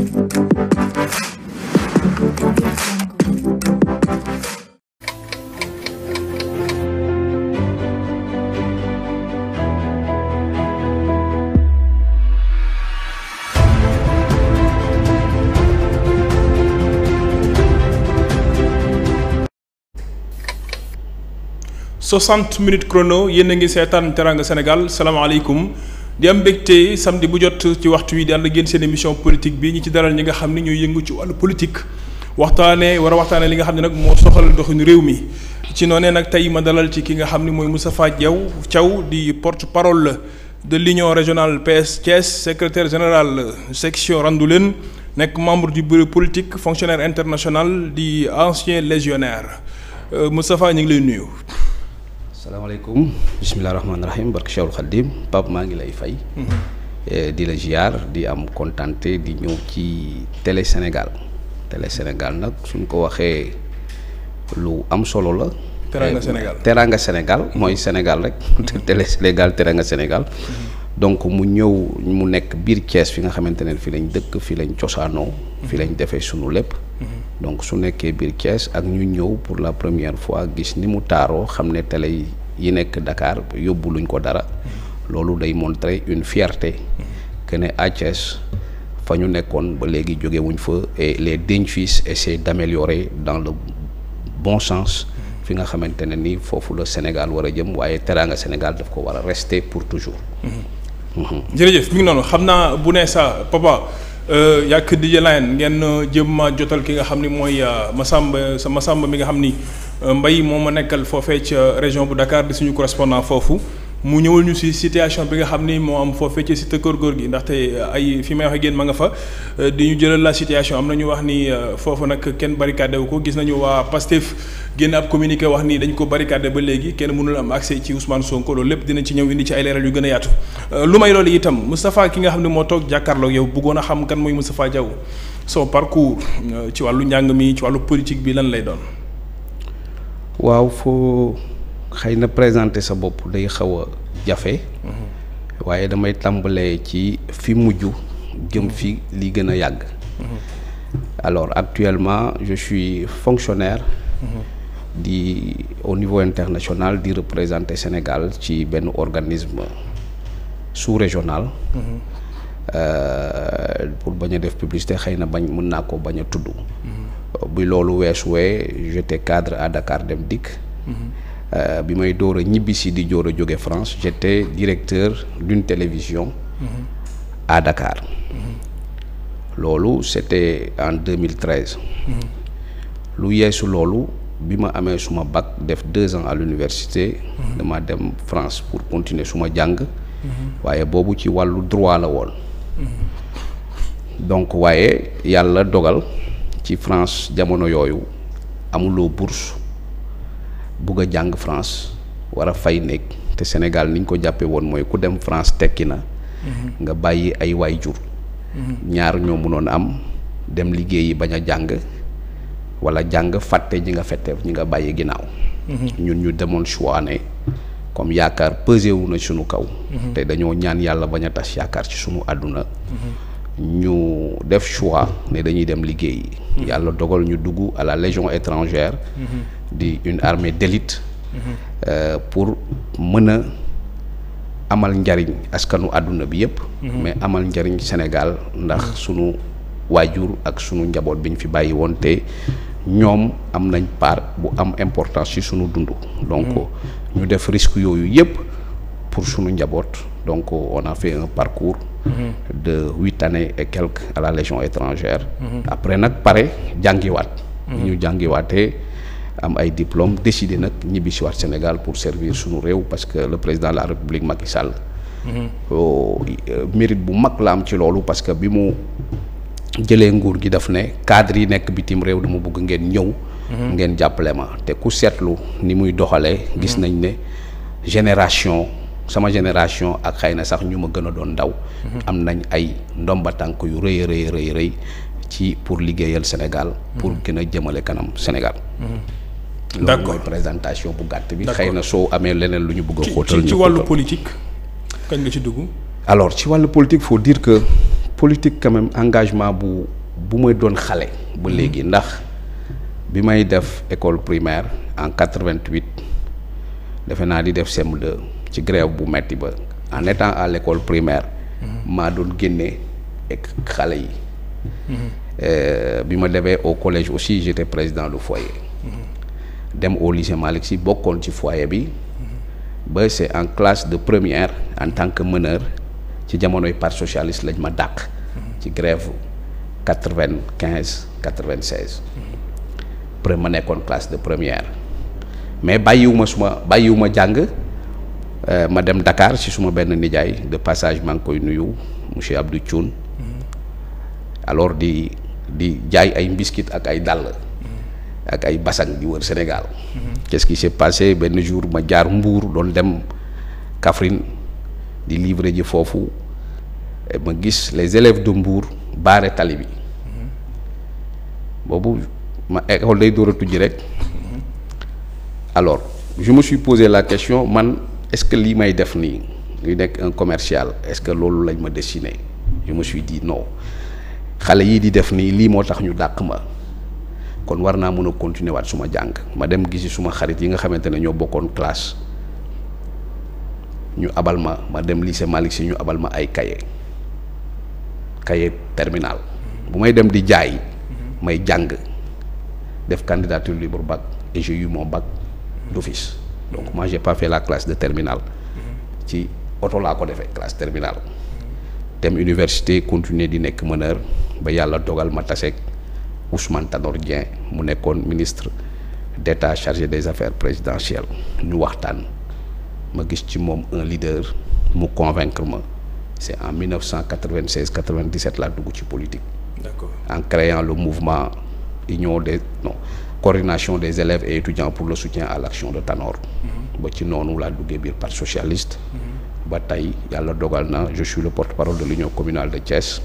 60 minutes chrono yéen a ngi seetaan Teranga Sénégal salaamaaleykum di eu samedi bu jot ci waxtu wi di émission politique bi ñi ci daral ñi nga xamni ñoy yëngu ci émission politique waxtane wara waxtane li nga xamni nak mo soxal doxinu réew mi. ci politique. nak tay ma dalal ci ki nga xamni moy Moussa Diaw di porte parole de l'union régionale PS Thiès secrétaire général section Randoulen nek membre du bureau politique fonctionnaire international di ancien légionnaire euh, Moustapha ñi ngi lay nuyu. salaamaaleykum bisimilah rahmaani rahim barke Cheikhul Khadim Pape maa ngi lay fay. Eh, di la ziar di am kontante di ñëw ci télé Sénégal télé Sénégal nag suñ ko waxee lu am solo la. Teranga eh, Sénégal Teranga Sénégal mooy Sénégal rek. Mhm. télé Sénégal Teranga Sénégal. Mhm. donc mu ñëw mu nekk biir Thiès fi nga xamante ne fi lañ dëkk fi lañ cosaanoo. fi mhm. lañ defee suñu lépp. donc su nekkee biir Thiès ak ñu ñëw pour la première fois gis ni mu taaroo xam ne télé yi nekk Dakar yóbbu luñ ko dara loolu day montrer une fierté que ne à Thiès fa ñu nekkoon ba léegi jóge wuñ fa et les dignes fils essaient d'améliorer dans le bon sens fi nga xamante ne ni foofu la Sénégal war a jëm waaye teraanga Sénégal daf ko war a rester pour toujours jërëjëf mi ngi noonu xam naa bu ne sa papa Eh, yak di jelaan ngeen eh, jëmma jotal ki nga xamni moy ya, masamba sa masamba mi nga xamni eh, mbay moma nekkal fofé ci région bu Dakar di suñu correspondant fofu mu ñëwuñu si ci situation bi nga xam ni moo am foofee ci cité Keur gi ndaxte euh, ay fi may wax ak ma nga fa euh, di ñu jëlal la situation am na ñu wax ni euh, foofu nag kenn barricade wu ko gis nañu waa Pastef génn ab communiqué wax nii dañ ko barricade ba léegi kenn mënul am accès ci Ousmane Sonko loolu lépp dinañ ci ñëw indi ci ay leeral yu gën a yaatu lu may loolu itam Moustapha ki nga xam ne moo toog jàkkaarloog yow buggoon a xam kan mooy Moustapha Diaw son parcours ci wàllu njàng mi ci wàllu politique bi lan lay doon vais vous présenter sa bop day xawa jafé jafe. Mhm. waaye damay tambalé ci fi muju jëm fi li gëna yag mhm. alors actuellement je suis fonctionnaire. Mhm. di au niveau international di représenter Sénégal ci un organisme sous-régional. Euh, pour baña def publicité xëy bañ mën naa ko bu lolu wéss wé j'étais cadre à Dakar Dem euh, bi may di France j'étais directeur d'une télévision mhm. à Dakar mhm. Lolo, c'était en 2013 mhm. lu yeesu Lolo, Bimaye ma suma bac def deux ans à l'université de dem France pour continuer suma jang waaye qui ci walu droit la woon donc waaye yalla dogal ci France jamono yooyu lo bourse Buga jang france wara a fay néeg te sénégal niñ ko jàppe woon mooy ku dem france tekki na mhm. nga bàyyi ay waay jur mhm. ñaar ñoo am dem liggéeyi bañ a jàng wala jàng fàtte ji nga fette ñi nga bàyyi ginnaaw mhm. ñun ñu choix ne comme yakar, pesé wu na sunu kaw te dañoo ñaan yàlla bañ a tas yaakaar ci sunu nyu ñu def choix ne dañuy dem liggéeyi yàlla dogal ñu dugu à la légion étrangère mm -hmm. d'une armée d'élite euh, pour Amal a amal njariñ askanu àdduna bi yépp mhm. mais amal njariñ Sénégal ndax mhm. sunu wajur ak sunu njabot biñ fi bàyyi woon te ñoom am nañ part bu am importance ci sunu dundu donc mhm. ñu def risque yoyu yépp pour sunu njabot donc on a fait un parcours de 8 années et quelques à la Légion étrangère après paré pare wat ñu waté am ay diplôme décidé nag ñibbi si waat Sénégal pour servir suñu réew parce que le président de la République Macky Sall mérite mhm. e, bu mag la am ci parce que bimu mu nguur gi daf ne cadre yi nekk bitim réew dama bëgg ngeen ñëw ngeen jàppale ma te ku seetlu ni muy doxalee gis mhm. nañ ne génération sama génération ak xeyna sax ñu ma gëna doon ndaw mhm. am nañ ay ndomba tank yu reuy reuy reuy reuy ci pour liggéeyal Sénégal pour gëna jëmale kanam Sénégal D'accord. mooy présentation bu gàtt bi xëy na soo amee leneen lu ñu bëgg a xóotal ci wàllu politique kañ nga ci dugg alors ci wàllu politique faut dire que politique quand même engagement bu bu may doon xalé bu hmm. légui ndax bi may def école primaire en 88 defe naa di def CM2 ci grève bu metti ba en étant à l'école primaire hmm. ma doon génne ek xalé yi hmm. euh, bi ma demee au collège aussi j'étais président du foyer dem au lycée Malick si bokkoon ci foyer bi ba c' en classe de première en tant que meneur ci jamonoy parti socialiste lañ ma dak ci grève quatre vingt quinze quatre ma classe de première mais bàyyiwuma suma bàyyiwuma jàng euh, ma dem Dakar ci suma benn nijaay de passage maa ngi koy nuyu monsieur Abdou Thioune alors di di jaay ay biscuit ak ay dàll ak ay bassang di wër Sénégal. qu'est-ce qui s'est passé ben jour ma jaar Mbour doon dem Kaffrine di livrer ji fofu ma gis les élèves de Mbour baré tali bobu ma école day doora a rek alors je me suis posé la question man est-ce que li may def ni li nek un commercial est-ce que lolu lañ ma dessiner je me suis dit non xalé yi di def ni li motax ñu dakk ma. kon warna muno mën continuer suma jang. ma dem gisi suma xarit yi nga xamante ne ñoo bokkoon ñu abal ma ma dem lycée malik si ñu abal ma ay kaye terminal bu may dem di jaay may jàng def candidature libre bac et j'ai eu mon bac d'office donc moi j'ai pas fait la classe de terminal ci auto laa ko defee classe terminal dem université continuer di nek meneur ba yàlla dogal ma taseeg Ousmane Tanor mu ministre d'État chargé des affaires présidentielles nous un leader mu convaincre c'est en 1996 97 la dugg politique. en créant le mouvement union des non coordination des élèves et étudiants pour le soutien à l'action de Tanor. Mm-hmm. socialiste. Mm-hmm. je suis le porte-parole de l'union communale de Thiès.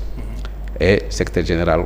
Mm-hmm. et secrétaire général.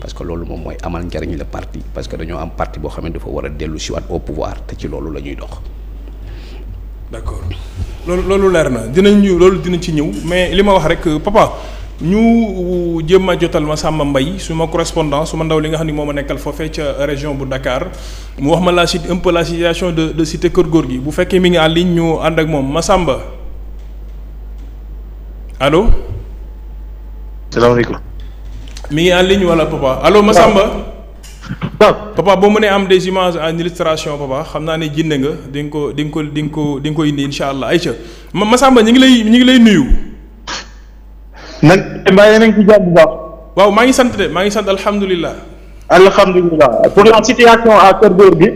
parce que loolu moom mooy amal njariñ la parti parce que dañoo am parti boo xam ne dafa war a dellu siwaat au pouvoir te ci loolu la ñuy dox. d'accord loolu loolu leer na dinañ ñu loolu dina ci ñëw mais li ma wax rek papa ñu jéem a jotal ma Samba mbay su ma correspondant su ma ndaw li nga xam ni moom ma nekkal foofee ca région bu dakaar mu wax ma la si un la situation de de cité Kër Góor gi bu fekkee mi ngi en ñu ànd ak moom ma Samba alo salaamaaleykum. mi ngi en ligne wala papa allo Massamba. papa boo mënee am des images en illustration papa xam naa ne jënd nga di nga ko di nga ko di ko di nga ko indi incha allah ma masamba ñu ngi lay ñu ngi lay nuyu. nag mbaa yéen a ngi bu baax. waaw maa ngi sant de maa ngi sant alhamdulilah. alhamdulilah pour la a à Kër Gorgui.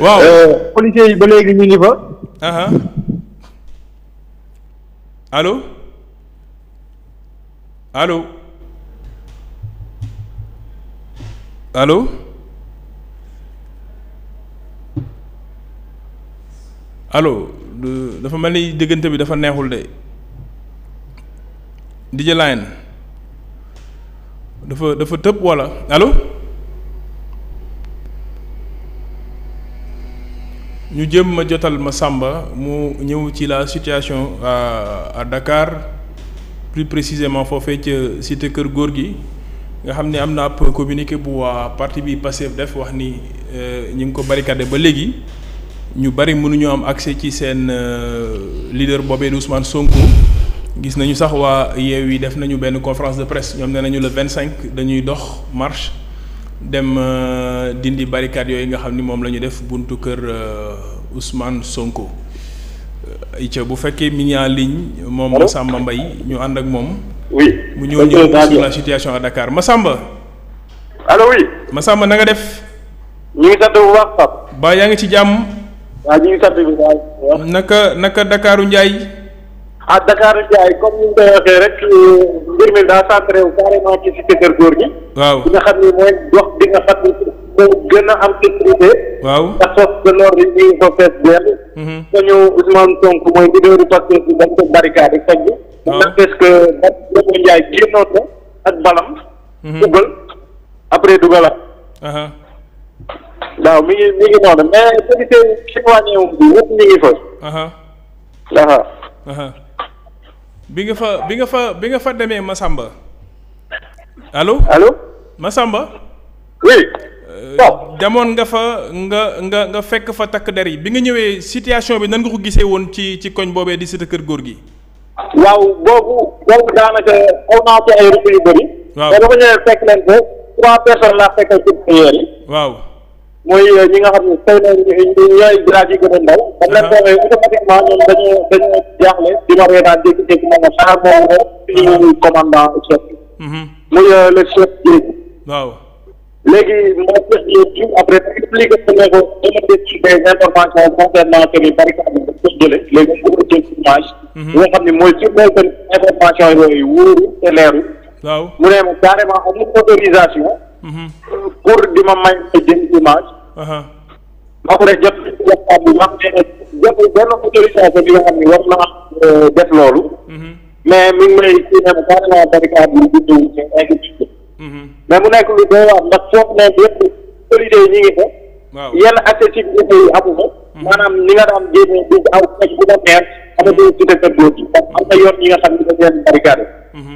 waaw euh, policiers yi ba léegi ñu ngi fa. allo allo. alo alo dafa mel ni diggante bi dafa neexul de DJ Line dafa dafa tëb walla allo ñu jëm ma jotal ma sàmba mu ñëw ci la situation à à Dakar plus précisément foofee ca cité Kër Góor gi. nga xam ne am na ab communiqué bu waa parti bi Pastef def wax ni euh, ñu ngi ko barricadé ba léegi ñu bari mënuñu am accès ci seen euh, leader boobee di Ousmane Sonko gis nañu sax waa yeew yi def nañu benn conférence de presse ñoom nee nañu le 25 dañuy dox marche dem euh, dindi barricade yooyu nga xam ni moom la def buntu kër Ousmane Sonko. Ica bu fekkee mi ngi en ligne moom Massamba Mbaye ñu ànd ak moom. oui mu ñëw ñëw sur la situation à Dakar Massamba. allo oui. Massamba na nga def. ñu ngi sant bu baax Pape. ba yaa ngi ci jàmm. waaw ñu ngi sant bu baax. naka naka Dakaru Ndiaye. ah Dakaru Ndiaye comme ni ñu koy waxee rek euh, mbir mi daa centré wu carrément ci cité Keur Gorgui. waaw bi nga xam ni mooy gox bi nga xam ni moo gën a am sécurité. waaw ndax force de l'ordre yi ñu ngi ko fees dell. Mhm. ñu Ousmane Sonko mooy leaderu Pastef bi dañ ko barricade faj bi. waaw mu des que Babacar Ndiaye génnoon na ak balam. Mhm. dugal après dugalaat. waaw mi ngi mi ngi noonu bi nga fa bi nga fa bi nga fa demee Massamba allo allo Massamba. oui. Euh, demoon nga fa nga nga nga fekk fa takk der yi bi nga ñëwee situation bi nan nga ko gisee woon ci ci koñ boobee di Cité Kër Góor gi. waaw boobu boobu daanaka xaw naa ci ay rëbb yu bëri. waaw mais dafa ñëwee fekk leen ko trois personnes laa fekkal ci prière yi. waaw mooy euh, ñi nga xam ne tey na ñooy grade yi gën a ndaw. dañ ah. leen toogee automatiquement jaaxle di ma reetaan jékki-jékki moom saxar moom moom ah. suñu commandant chef bi. Mhm. muy euh, le chef bi. waaw. léegi moo tax ñu après expliqué ko ne ko dama dégg des informations ni barricade bi dañ ko léegi dañ ko war a jël image. Mhm. nga xam ne mu ne ma carrément amul autorisation. Mhm. pour di ma may ay jël image. ba pare jot waxtaan bi wax ne jotul benn autorisation bi nga xam euh, def loolu. Mhm. mais mi ngi may ci ne ma carrément barricade bi mais mu nekk lu doy waar ndax foog ne yëpp autorités yi ñu ngi fa. waaw yenn accessibilité yi amul ko. Mhm. maanaam ni nga daan génne di bu ko neex que mhm. mhm. am na yoon yi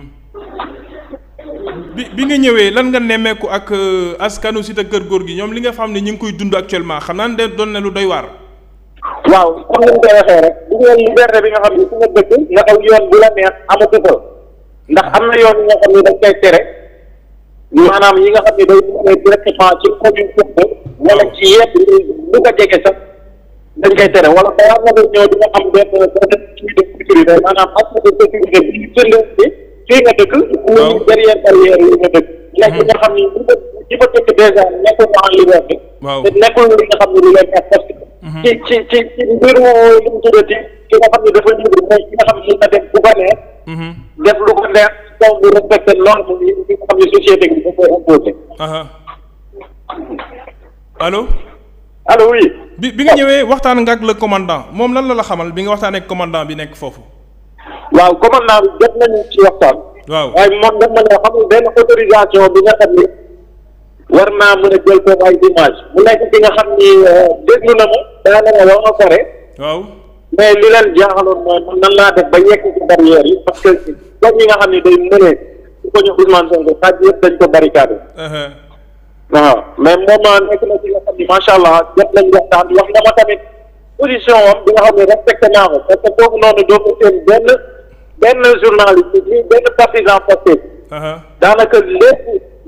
bi bi nga ñëwee lan nga nemmeeku ak euh, askanu kër Keur gi ñoom li nga xam ne ñu ngi koy dund actuellement xam naa ne doon na lu doy waar. waaw comme ni ñu koy bi nga xam ne su nga dëkk nga aw yoon bu la neex amatu ko ndax am na yoon yi nga xam ne dañ tere. maanaam yi nga xam ne day ñëwee directement ci commune Koungheul wala ci yépp bu ko jege sax dañ koy tere wala balaa nga ñëw di nga am benn benn de sécurité maanaam ak de sécurité bi ñu jëlee ci fii nga dëkk. waaw derrière barrière yi nga dëkk. léegi nga xam ni ñi ko ñi ko dëkk dèjà nekkul en liberté. waaw te nekkul li nga xam ne lu leen parce que Mhm. ci ci ci ci mbiru li mu nga xam ne dafa libre mooy ki nga xam ne mhm. def lu ko neex taw bi respecté norme yi nga xam ne société bi dafa koy imposé. allo. allo oui. bi bi nga ñëwee waxtaan nga ak le commandant moom lan la la xamal bi nga waxtaanee ak commandant bi nekk foofu. waaw commandant bi jot nañu ci waxtaan. waaw waaye moom dañ ma ne benn autorisation bi nga xam ne. war naa mën a jël ko ay image mu nekk ki nga xam ni euh, déglu na ma daanaka wax nga waaw mais li leen jaaxaloon mooy man nan laa def ba yekk ci barrière yi parce que comme yi nga xam ni day mënee ko ñu Ousmane Sonko yëpp dañ ko barricade. Uh-huh. waaw mais nekk na ci nga xam ni macha allah jot nañ wax ma tamit position am bi nga xam ne respecté naa ko parce que foofu noonu doo ko seen benn benn journaliste benn partisan uh-huh. daanaka lépp.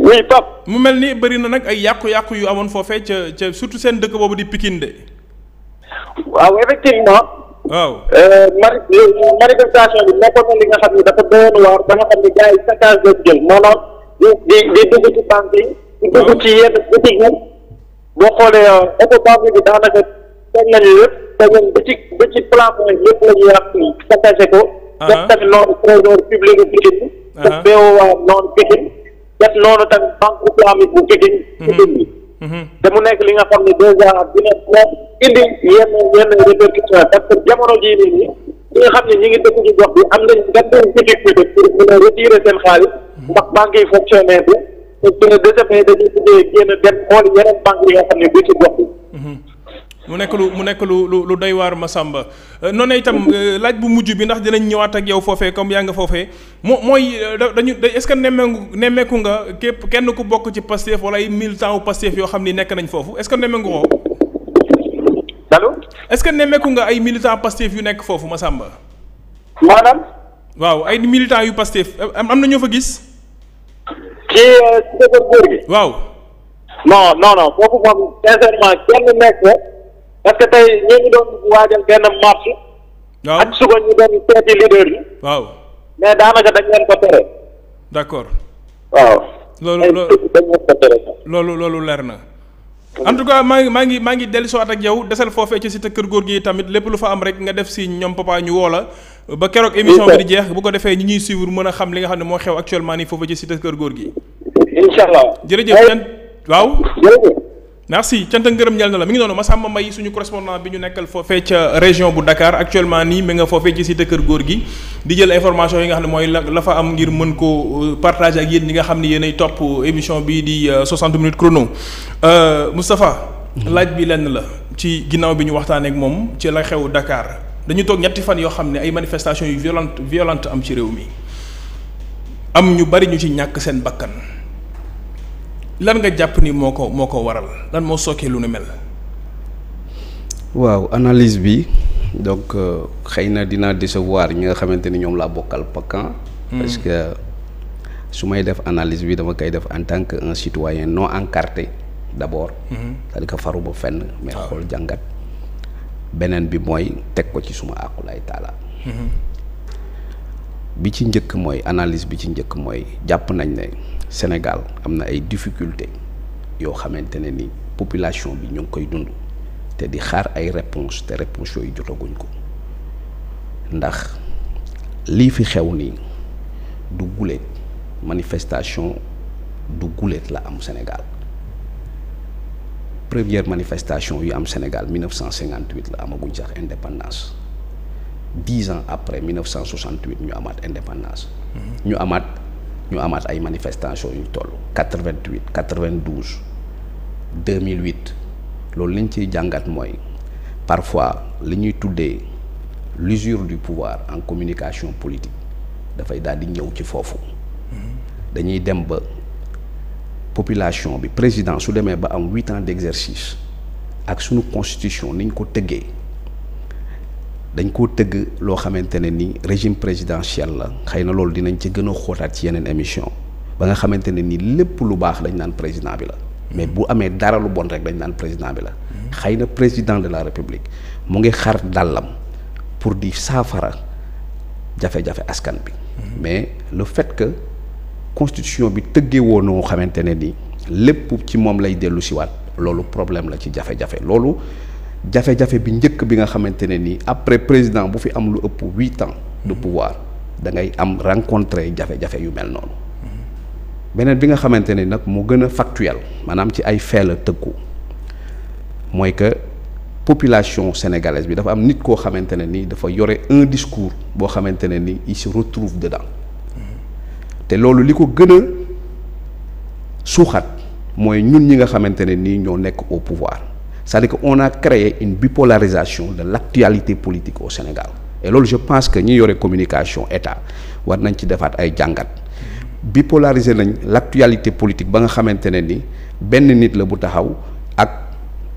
oui Pape. mu mel ni bëri na nag ay yàqu-yàqu yu amoon foofee ca ca surtout seen dëkk boobu di Pikine de. waaw effectivement. waaw. Euh, euh, manifestation bi nekkoon na li nga xam ne dafa doon waar ba nga xam ne gars yi saccage doon jël maanaam di di ci banque yi. di ci yenn boutique yi. boo xoolee euh, oto banque bi daanaka teg nañu lépp te ñun ci ba ci plafond yëpp la ñuy ràpp saccagé ko. def tamit noonu trésor public Pikine. def BOA noonu Pikine. jet loolu tamit banque islamique bu Pekin ci bi te mu nekk li nga xam ne dèjà dina moom indi yenn yenn répercussion parce que jamono jii nii nii ñi nga xam ne ñi ngi dëkk ci gox bi am nañ nga doon difficulté pour mën a retirer seen xaalis mhm. ndax banque yi fonctionné bi te su ne dañuy buggee génn dem xool yeneen banque yi nga xam ne bi ci gox bi mhm. mu nekk lu mu nekk lu lu lu doy waar Massamba euh, noonu itam euh, laaj bu mujj bi ndax dinañ ñëwaat ak yow foofee comme yaa nga foofee moo mooy euh, dañu est-ce que nemmeeku nemmeeku nga képp kenn ku bokk ci Pastef wala ay militant wu Pastef yoo xam ni nekk nañ foofu est-ce que nemmeeku ko. allo. est-ce que nemmeeku nga ay militant Pastef yu nekk foofu Massamba. maanaam. waaw ay militant yu Pastef am na ñoo fa gis. ci góor gi. waaw. non non non foofu moom sincèrement kenn nekk parce que tey ñoo ngi doon waajal benn marche waaw ak suba ñu doon seeti leader yi waaw mais daanaka dañ leen ko tere d' accord waaw loolu loolu loolu leer na en tout cas maa ngi maa ngi maa ngi dellu siwaat ak yow desal foofee ci cité kër góor gi tamit lépp lu fa am rek nga def si ñoom papa ñu woo la ba keroog émission bi di jeex bu ko defee ñi ñuy suivre mën a xam li nga xam ne moo xew actuellement nii foofu ci cité kër góor gi incha allah jërëjëf waaw jërëjëf merci cant ak ngërëm ñel na la mi ngi noonu Massamba Mbaye suñu correspondant bi ñu nekkal foofee ca région bu Dakar actuellement ni mi nga foofee ci cité kër góor gi di jël information yi nga xam ne mooy la la fa am ngir mën ko euh, partager ak yéen ñi nga xam ne yéenay émission bii di 60 euh, minutes chrono euh, Moustapha. Mhm. laaj bi lenn la ci ginnaaw bi ñu waxtaanee ak moom ci la xew Dakar dañu toog ñetti fan yoo xam ne ay manifestations yu violente violente am ci réew mi am ñu bari ñu ci ñàkk seen bakkan lan nga japp ni moko moko waral lan mel. analyse bi donc euh, xeyna décevoir nga hmm. parce que su def analyse bi en tant que un citoyen non encarté D'abord, hmm. cest que faru ba fenn. mais ah. jangat benen bi que tek ko ci suma taala hmm bi ci analyse bi ci Sénégal am ay ni population bi ñu koy dund te di xaar ay réponses te réponses yooyu jotaguñ ko ndax fi manifestation du la am Sénégal première manifestation yu am Sénégal 1958 la amaguñ sax indépendance. 10 ans après 1968 nous avons indépendance. l'indépendance. Nous avons eu ay manifestations yu manifestations 88 92 2008 loolu lañ ciy jàngat parfois nous avons eu l'usure du pouvoir en communication politique dafay daal di ñëw ci Nous dañuy dem ba population bi président su demee ba am huit ans d'exercice ak une constitution ni ñu ko dañ ko tëgg loo xamantene ni régime présidentiel la xëy na loolu dinañ ci gën a xóotaat ci yeneen émission ba nga xamantene ni lépp lu baax lañ naan président bi la mais bu amee dara lu bon rek dañ naan président bi la xëy président de la république mu ngi xar dàllam pour di saafara jafe-jafe askan bi mais le fait que constitution bi tëggee woon noo xamantene ni lépp ci moom lay dellu siwaat loolu problème la ci jafe-jafe loolu jafe-jafe bi ñëk bi nga xamante après président bu fi am lu ëpp huit ans de mhm. pouvoir da ngay am rencontrer jafe-jafe yu mel noonu benen bi nga xamante nak mo gëna factuel manam ci ay feela tëkku moy que population sénégalaise bi dafa am nit ko xamante ne dafa yoré un discours bo xamante ne il se retrouve dedans mhm. té loolu liko gëna gën moy ñun ñi nga xamante ñoo au pouvoir c'est-à-dire qu'on a créé une bipolarisation de l'actualité politique au Sénégal. Et là, je pense que nous y aurait communication État. Nous devons faire des jangat. Bipolariser l'actualité politique, ben ce que ben nit le boutahaou ak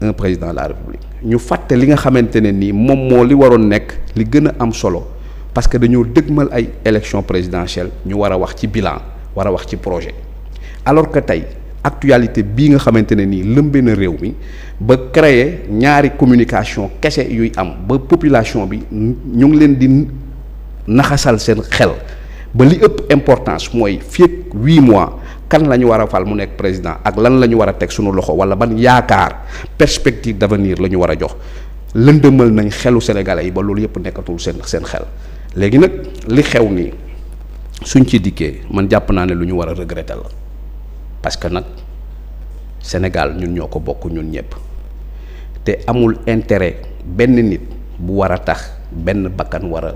un président de la République. Nous avons li nga que ni mom mo li waron nek li gëna am parce que nous dëgmal ay élection présidentielle nous wara wax ci bilan wara wax ci projet. Alors que tay actualité bii nga xamante ne nii lëmbe na réew mi ba créer ñaari communication kese yuy am ba population bi ñu ngi leen di naxasal seen xel ba li ëpp importance mooy fii ak huit mois kan la ñu war a fal mu nekk président ak lan la ñu war a teg suñu loxo wala ban yaakaar perspective d'avenir la ñu war a jox lëndëmal nañ xelu sénégalais yi ba loolu yëpp nekkatul seen seen xel léegi nag li xew nii suñ ci dikkee man jàpp naa ne lu ñu war a regretter la. parce que nag Sénégal ñun ñoo ko ñun ñëpp te amul intérêt benenit, nit bu war tax bakkan wara a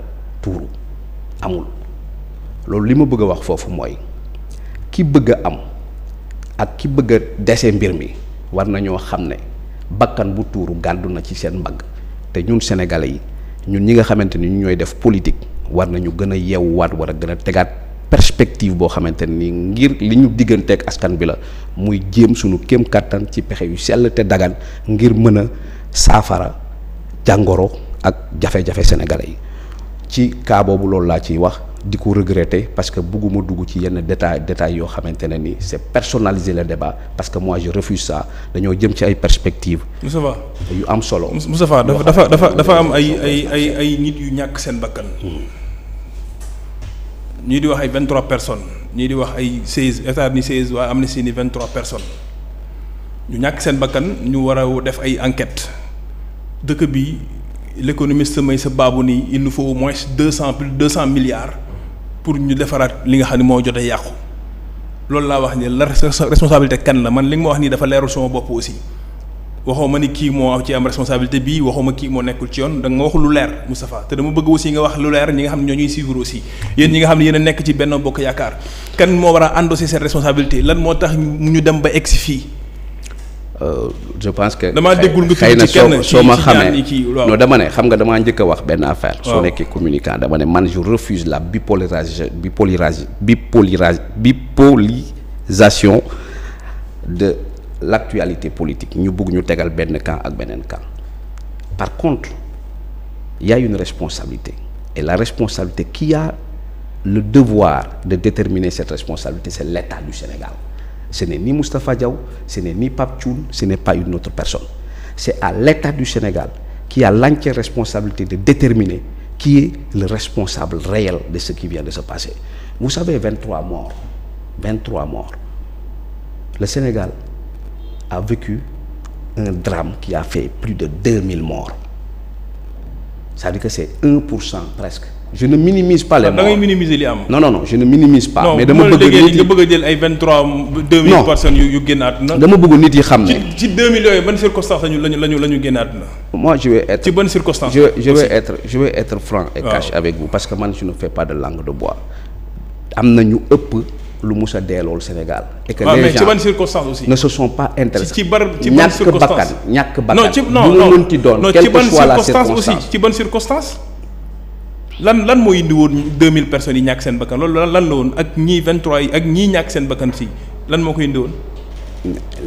amul loolu lima ma bëgg a wax foofu mooy ki bëgg am ak ki bëgg a mbir mi war nañoo xam bakkan bu tuuru gàddu na ci seen mbagg te ñun sénégalais yi ñun ñi nga politik, warna ñooy def politique war nañu tegat. perspective boo xamante ni ngir li ñu digganteeg askan bi la muy jéem sunu kéem kàttan ci pexe yu sell te dagan ngir mën a saafara jàngoro ak jafe-jafe sénégalais yi ci cas boobu loolu laa ciy wax di ko regretter parce que bugguma dugg ci yenn détail détail yoo xamante ne ni c'est personnaliser le débat parce que mois je refuse ça dañoo jëm ci ay perspectives. Moustapha yu am solo. Moustapha dafa dafa dafa dafa am ay ay ay ay nit yu ñàkk seen bakkan. Hmm. ñii di wax ay 23 personnes ñii di wax ay 16 état ni 16 wa am na si ni vingt personnes ñu ñak seen bakkan ñu wara def ay enquêtes dëkk bi l'économiste may sa babu ni il nous faut au moins 200 plus 200 milliards pour ñu défarat li nga xamni mo moo jotee yàqu loolu laa wax ni la responsabilité kan la man li nga wax ni dafa leerul sama bopp aussi waxoo ma ni kii moo ci am responsabilité bi waxoo ma kii moo nekkul ci yoon da nga wax lu leer Moustapha te dama bëgg aussi nga wax lu leer ñi nga xam ne ñoo ñuy suivre aussi yéen ñi nga xam ne yéen nekk ci benn bokk yaakaar kan moo war a endosser cette responsabilité lan moo tax mu ñu dem ba egsi fii. Euh, je pense que. damaa déggul nga tudd ci kenn soo ma xamee non dama ne xam nga damaa njëkk a wax benn affaire. soo nekkee communicant dama ne man je refuse la bi bipolarisation bipolarisation de. l'actualité politique ñu bëgg par contre il y a une responsabilité et la responsabilité qui a le devoir de déterminer cette responsabilité c'est l'État du Sénégal ce n'est ni Moustapha Diaw ce n'est ni Pape Tchoun... ce n'est pas une autre personne c'est à l'État du Sénégal qui a l'entière responsabilité de déterminer qui est le responsable réel de ce qui vient de se passer vous savez 23 morts 23 morts le Sénégal a vécu un drame qui a fait plus de 2000 morts. Ça veut dire que c'est 1% presque. Je ne minimise pas les ah, morts. Non, non, non, je ne minimise pas. mais de me dire 23 2000 non. personnes qui De me dire que 2000 bonnes circonstances Moi, je vais être. bonnes circonstances. Je, vais être, je vais être franc et cash avec vous parce que moi, je ne fais pas de langue de bois. un lu mus a dee loolu Sénégal. et que les gens ne se sont pas intéressés. ci ban ñàkk bakkan ñàkk bakkan. non ci non non mënti doon quelle que soit la circonstance aussi ci ban circonstance. lan lan moo indi woon 2000 personnes yi ñàkk seen bakkan loolu lan la woon ak ñii 23 yi ak ñii ñàkk seen bakkan si lan moo ko indi woon.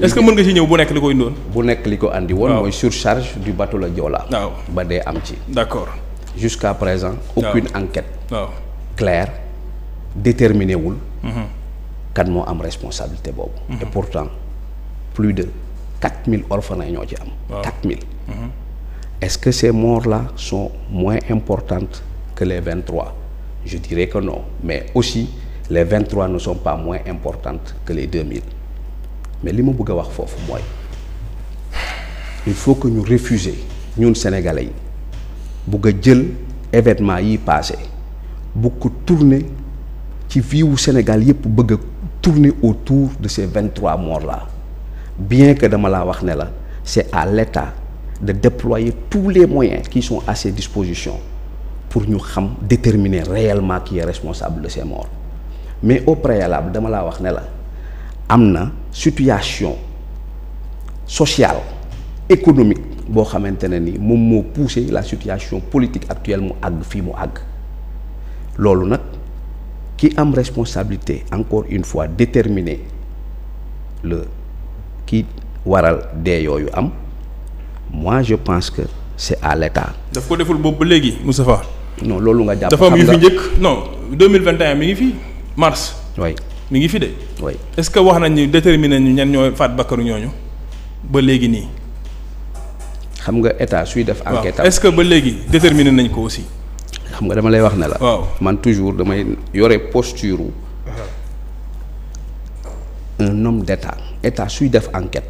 est-ce que mën nga ci ñëw bu nekk li ko indi woon. bu nekk li ko andi woon. mooy surcharge du bateau la Joola. waaw ba dee am ci. d'accord jusqu'à présent. aucune enquête. waaw claire déterminée wul. Mm-hmm. quand mo am responsabilité et mhm. pourtant plus de 4000 orphelins sont ci 4000 mhm. est-ce que ces morts là sont moins importantes que les 23 je dirais que non mais aussi les 23 ne sont pas moins importantes que les 2000 mais li que bëgg wax fofu il faut que nous refusions ñun sénégalais bu les événements événement yi de bu ko tourner ci vie sénégal yépp tourner autour de ces 23 morts-là. Bien que Damala c'est à l'État de déployer tous les moyens qui sont à ses dispositions pour nous déterminer réellement qui est responsable de ces morts. Mais au préalable, Damala Wahnela, amna situation sociale, économique, boo xamante la situation politique actuelle mou ag, qui am responsabilité encore une fois déterminer le qui waral dee yoyu am moi je pense que c'est à l'état daf ko deful bobu ba Moustapha non lolou nga jàpp dafa am fi non 2021 mi ngi fi mars oui mi ngi fi de oui est-ce que wax ni déterminer ñu ñan ñoy fat bakkaru ñooñu ba léegi ni xam nga état suy def enquête est-ce que ba léegi déterminer nañ ko aussi xam nga dama lay wax ne la. man toujours damay yore posture. Uh-huh. un homme d'état état état suy def enquête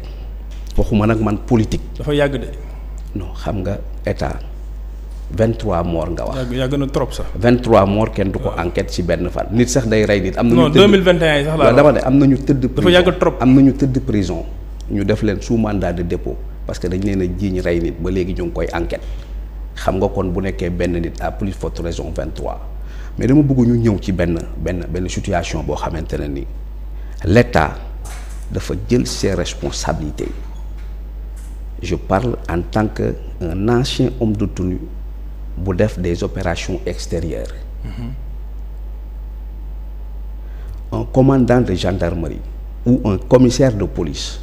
waxuma nag man politique. dafa yàgg de. non xam nga état 23 morts nga wax. yàgg yàgg na trop sax. 23 morts kenn du ko enquête ci benn fan. nit sax day rey nit. am na ñu non 2021 sax laa dama ne am na ñu tëdd. dafa yàgg trop am na ñu tëdd prison ñu def leen sous mandat de dépôt parce que dañ leen a jiiñ rey nit ba léegi ñu ngi koy enquête xam nga kon bu nekkee benn nit à plus forte raison 23 mais dama bëgg ñu ñëw ci benn situation boo xamante ne l'État doit jël ses responsabilités je parle en tant que ancien homme de tenue bu def des opérations extérieures mm-hmm. un commandant de gendarmerie ou un commissaire de police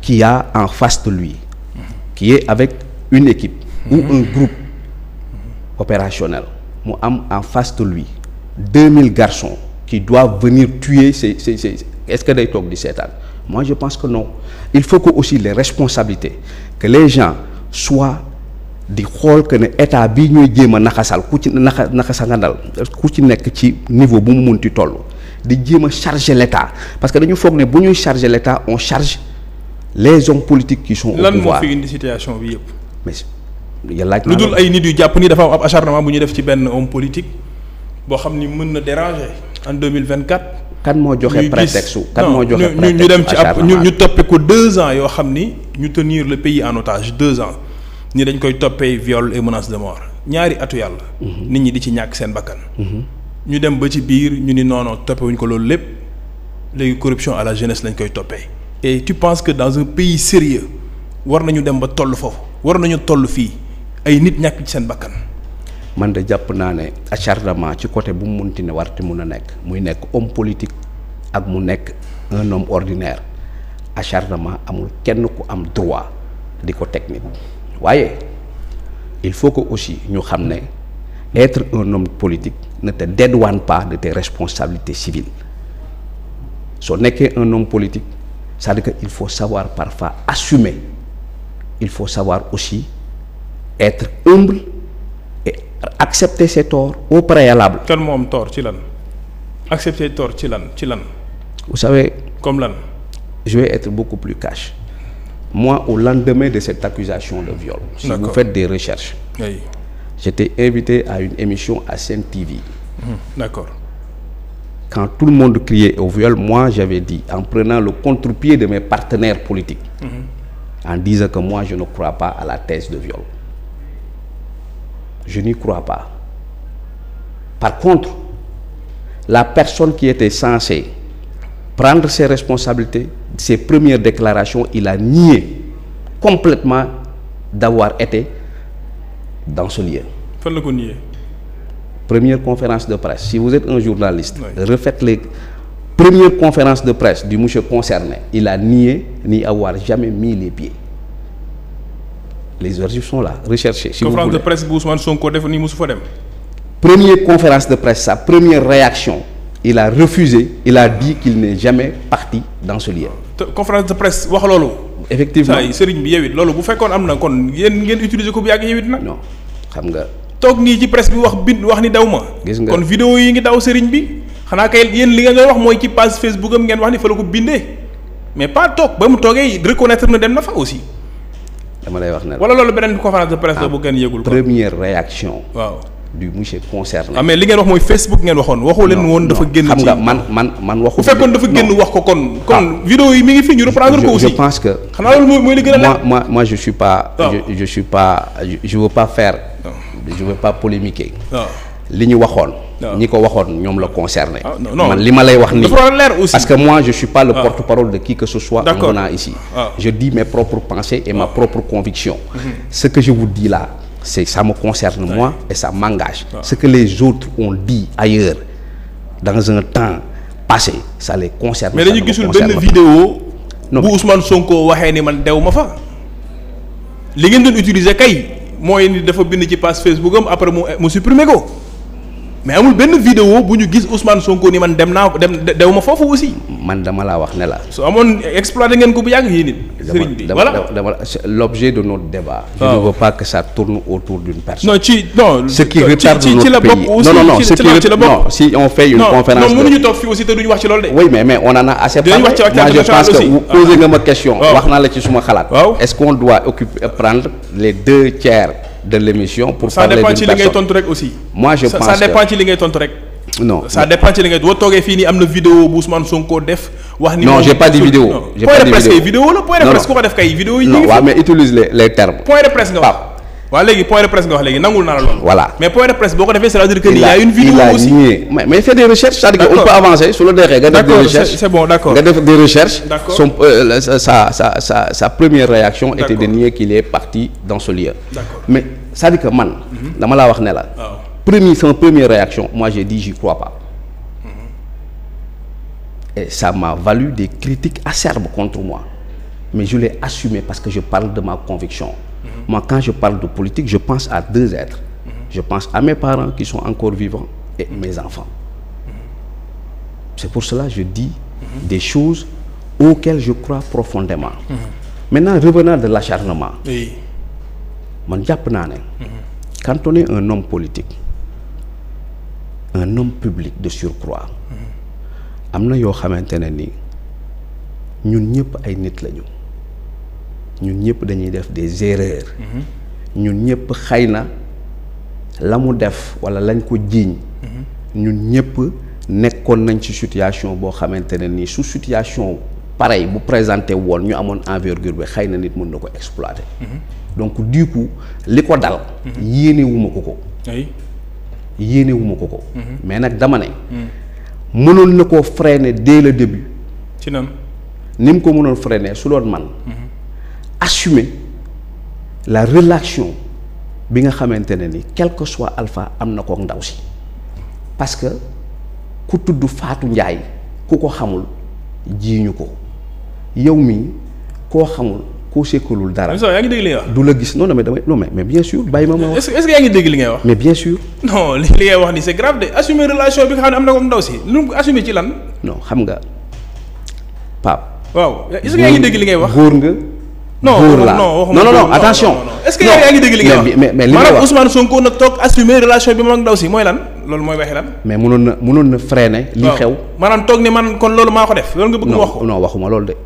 qui a en face de lui qui est avec une équipe ou mhm. un groupe opérationnel mu am en face de lui 2000 garçons qui doivent venir tuer ces ces ces est-ce que day toog di seetaan moi je pense que non il faut que aussi les responsabilités que les gens soient di xool que l'état état bi ñooy jéem a ku ci naxa naxasa nga dal ku ci nek ci niveau bu mu munti tollu di jéem charger l'état parce que dañu foog ne bu ñuy charger l'état on charge les hommes politiques qui sont au pouvoir lan moo fi indi situation bi yëpp mais il y a ay acharnement politique nous xamni en 2024 quatre. kan mo joxe prétexte kan deux ans tenir le pays en otage deux ans Nous dañ koy viol et menace de mort ñaari atu yalla mhm. nit ñi di ci ñak seen bakkan. Mhm. ñu dem ba ci biir ñu ni nono topé corruption à la jeunesse et tu penses que dans un pays sérieux war nañu dem ba tollu fofu war nañu toll fii ay nit ñak ci sen bakkan. man da japp naane acharnement ci côté bu muuntine munti mëna nekk muy nekk homme politique ak mu nekk un homme ordinaire acharnement amul kenn ku am droit diko ko teg nit il faut que aussi ñu xamné être un homme politique ne te dédouane pas de tes responsabilités civiles so nekkee un homme politique ça veut dire que il faut savoir parfois assumer il faut savoir aussi être humble et accepter ses torts au préalable. Tellement moi, tort accepter tort torts vous savez. comme je vais être beaucoup plus cash. moi au lendemain de cette accusation de viol. si vous faites des recherches. j'étais invité à une émission à saint TV. Hmm, d'accord. quand tout le monde criait au viol moi j'avais dit en prenant le contre-pied de mes partenaires politiques. Hmm en disant que moi, je ne crois pas à la thèse de viol. Je n'y crois pas. Par contre, la personne qui était censée prendre ses responsabilités, ses premières déclarations, il a nié complètement d'avoir été dans ce lien Faites-le nier. Première conférence de presse. Si vous êtes un journaliste, refaites les première conférence de presse du monsieur concerné, il a nié ni avoir jamais mis les pieds. Les archives sont là, recherchez. Si conférence de presse, Ousmane Sonko devenu Moussoufadem. Première conférence de presse, sa première réaction, il a refusé, il a dit qu'il n'est jamais parti dans ce lien. Conférence de presse, wax lolo. Effectivement. Ça, Serigne bi yewit lolo bu fekkone amna kon yeen ngeen utiliser ko bi ak yewit na. Non. Xam nga tok ni ci presse bi wax bid wax ni dawma. Kon vidéo yi ngi daw Serigne bi xanaa kay yéen li nga wax moy ci page Facebook am ngeen wax ni fa la ko bindee mais pas toog ba togué reconnaître na dem na fa aussi. dama lay wax na wala lolu benen conférence de presse bu ken yëgul. première réaction. waaw du monsieur concerné. ah mais li ngeen wax moy Facebook ngeen waxone waxu len won dafa génn ci xam nga man man man waxu. bu fekkoon dafa génn wax ko kon. kon ah. vidéo yi mi ngi fi ñu reprendre ko aussi. je pense que. xanaa loolu moy mooy li gën a moi moi ah. je suis pas. je je suis pas je veux pas faire. Ah. je veux pas polémiquer. waaw liñu waxone ni ah. ñi ko waxoon ñoom la concerné. Ah, man lima lay wax ni parce que moi je suis pas le ah. porte-parole de qui que ce soit. en a ici. je dis mes propres pensées et ma propre conviction. Mm-hmm. ce que je vous dis là c'est ça me concerne moi et ça m'engage. ce que les autres ont dit ailleurs dans un temps passé ça les concerne. mais dañu gisul ben vidéo. bu Ousmane Sonko waxé ni man déwuma ma fa. li ngeen doon utiliser kay moy ni dafa bind ci page Facebook am après mo je supprimer ko mais amul ben vidéo bu ñu gis Ousmane Sonko ni man dem naa dem dew fofu aussi. man dama la wax ne la. su amoon exploité ngeen ko bu yag yéen it. sëriñ bi voilà l'objet de notre débat. je ne veux pas que ça tourne autour d'une personne. non ci non ce qui retarde notre pays non non non ce qui non si on fait une conférence. non mënuñu toog fii aussi te duñu wax ci loolu de. oui mais mais on en a assez parlé. moi je pense que poser ah. nga ma question. wax naa la ci suma xalat est-ce qu'on doit occuper prendre les deux tiers de l'émission pour ça parler d'une personne. Ça dépend ci li ngay aussi. moi je ça, pense ça dépend ci li ngay tontu non ça dépend ci li ngay boo toogee fini nii vidéo bu Ousmane Sonko def. non j'ai pas de vidéo. j'ai pas de vidéo point de presse c'est vidéo point de presse ku ko def kay. vidéo non mais utilise les les termes. point de presse non point de presse voilà mais point de presse beaucoup de c'est-à-dire que. il a une vidéo aussi mais il fait des recherches. ça on peut avancer Sur le derrière, des c'est bon d'accord def des recherches. d'accord euh, sa première réaction. était de nier qu'il est parti dans ce lieu. d'accord mais ça dit que man. Mhm. dama wax la. Ah premier son première réaction moi j'ai dit je crois pas. Mhm. et ça m'a valu des critiques acerbes contre moi mais je l'ai assumé parce que je parle de ma conviction. Moi, quand je parle de politique, je pense à deux êtres. Je pense à mes parents qui sont encore vivants et mes enfants. C'est pour cela que je dis des choses auxquelles je crois profondément. Maintenant, revenant de l'acharnement. Oui. Quand on est un homme politique, un homme public de surcroît, ñun ñëpp dañuy def des erreurs. Mhm. ñun ñëpp xëy na la mu def walla lañ ko jiiñ. Mhm. ñun ñëpp nekkoon nañ ci situation boo xamante ne ni su situation pareil bu présenté woon ñu amoon envergure bi xëy na nit mun na ko exploiter. Mhm. donc du coup li ko dal. yéenewuma ko ko. yéenewuma ko ko. mais nag dama ne. mënoon na koo freiner dès le début. ci nan ni ko mënoon freiner su doon man. assumer la relation bi nga xamantene ni quel que soit alpha amna ko kook ndaw si parce que ku tudd fatou ndjay ku ko xamul jiiñu ko yow mii koo xamul koo sekkalul dara. yaa ngi dégg li nga wax. du la gis non mais damay non mais bien sûr bàyyi ma wax. est-ce que yaa ngi dégg li ngay wax. mais bien sûr. non li ngay wax ni c'est grave de assumer relation bi nga xam ne am na ndaw si lu assumer ci lan. non xam nga pap waaw est-ce que yaa ngi li ngay wax góor nga non non non non attention. est-ce que y a rien mais mais mais mais Ousmane Sonko assumer relation bi moom lan mais lan. mais il na freiner. li xew ne man kon def. nga bëgg wax non waxuma de.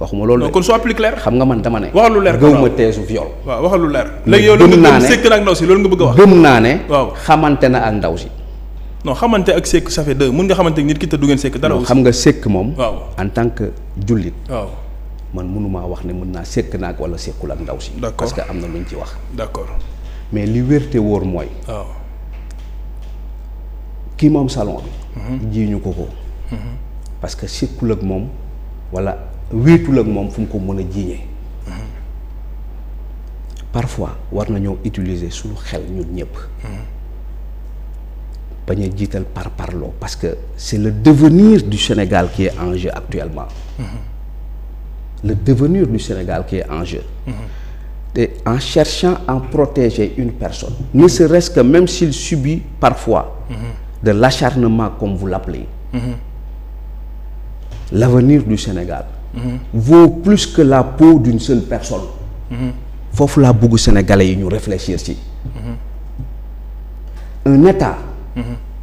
waxuma Donc, soit plus clair. xam nga ne. viol. yow ak nga bëgg ne. na ak non ak ça fait deux nga nit ki du dara. xam en tant que Julie man mënumaa wax ne mën naa sekk naag wala sekkul ak ndaw si. parce que am na luñ ci wax. d'accord mais li wérte wóor mooy. waaw kii moom salon bi. Mhm. jiiñu ko ko. Mhm. parce que sekkul ak moom wala wéetul ak moom fu mu ko mën a jiiñee. Mhm. parfois war nañoo utiliser suñu xel ñun ñëpp. bañ a jiital par parloo parce que c'est le devenir du Sénégal qui est en jeu actuellement. -hmm le devenir du Sénégal qui est en jeu. Mhm. en cherchant à protéger une personne, ne serait-ce que même s'il subit parfois mhm. de l'acharnement, comme vous l'appelez, mhm. l'avenir du Sénégal vaut plus que la peau d'une seule personne. Il faut la les sénégalais nous réfléchir. Un État,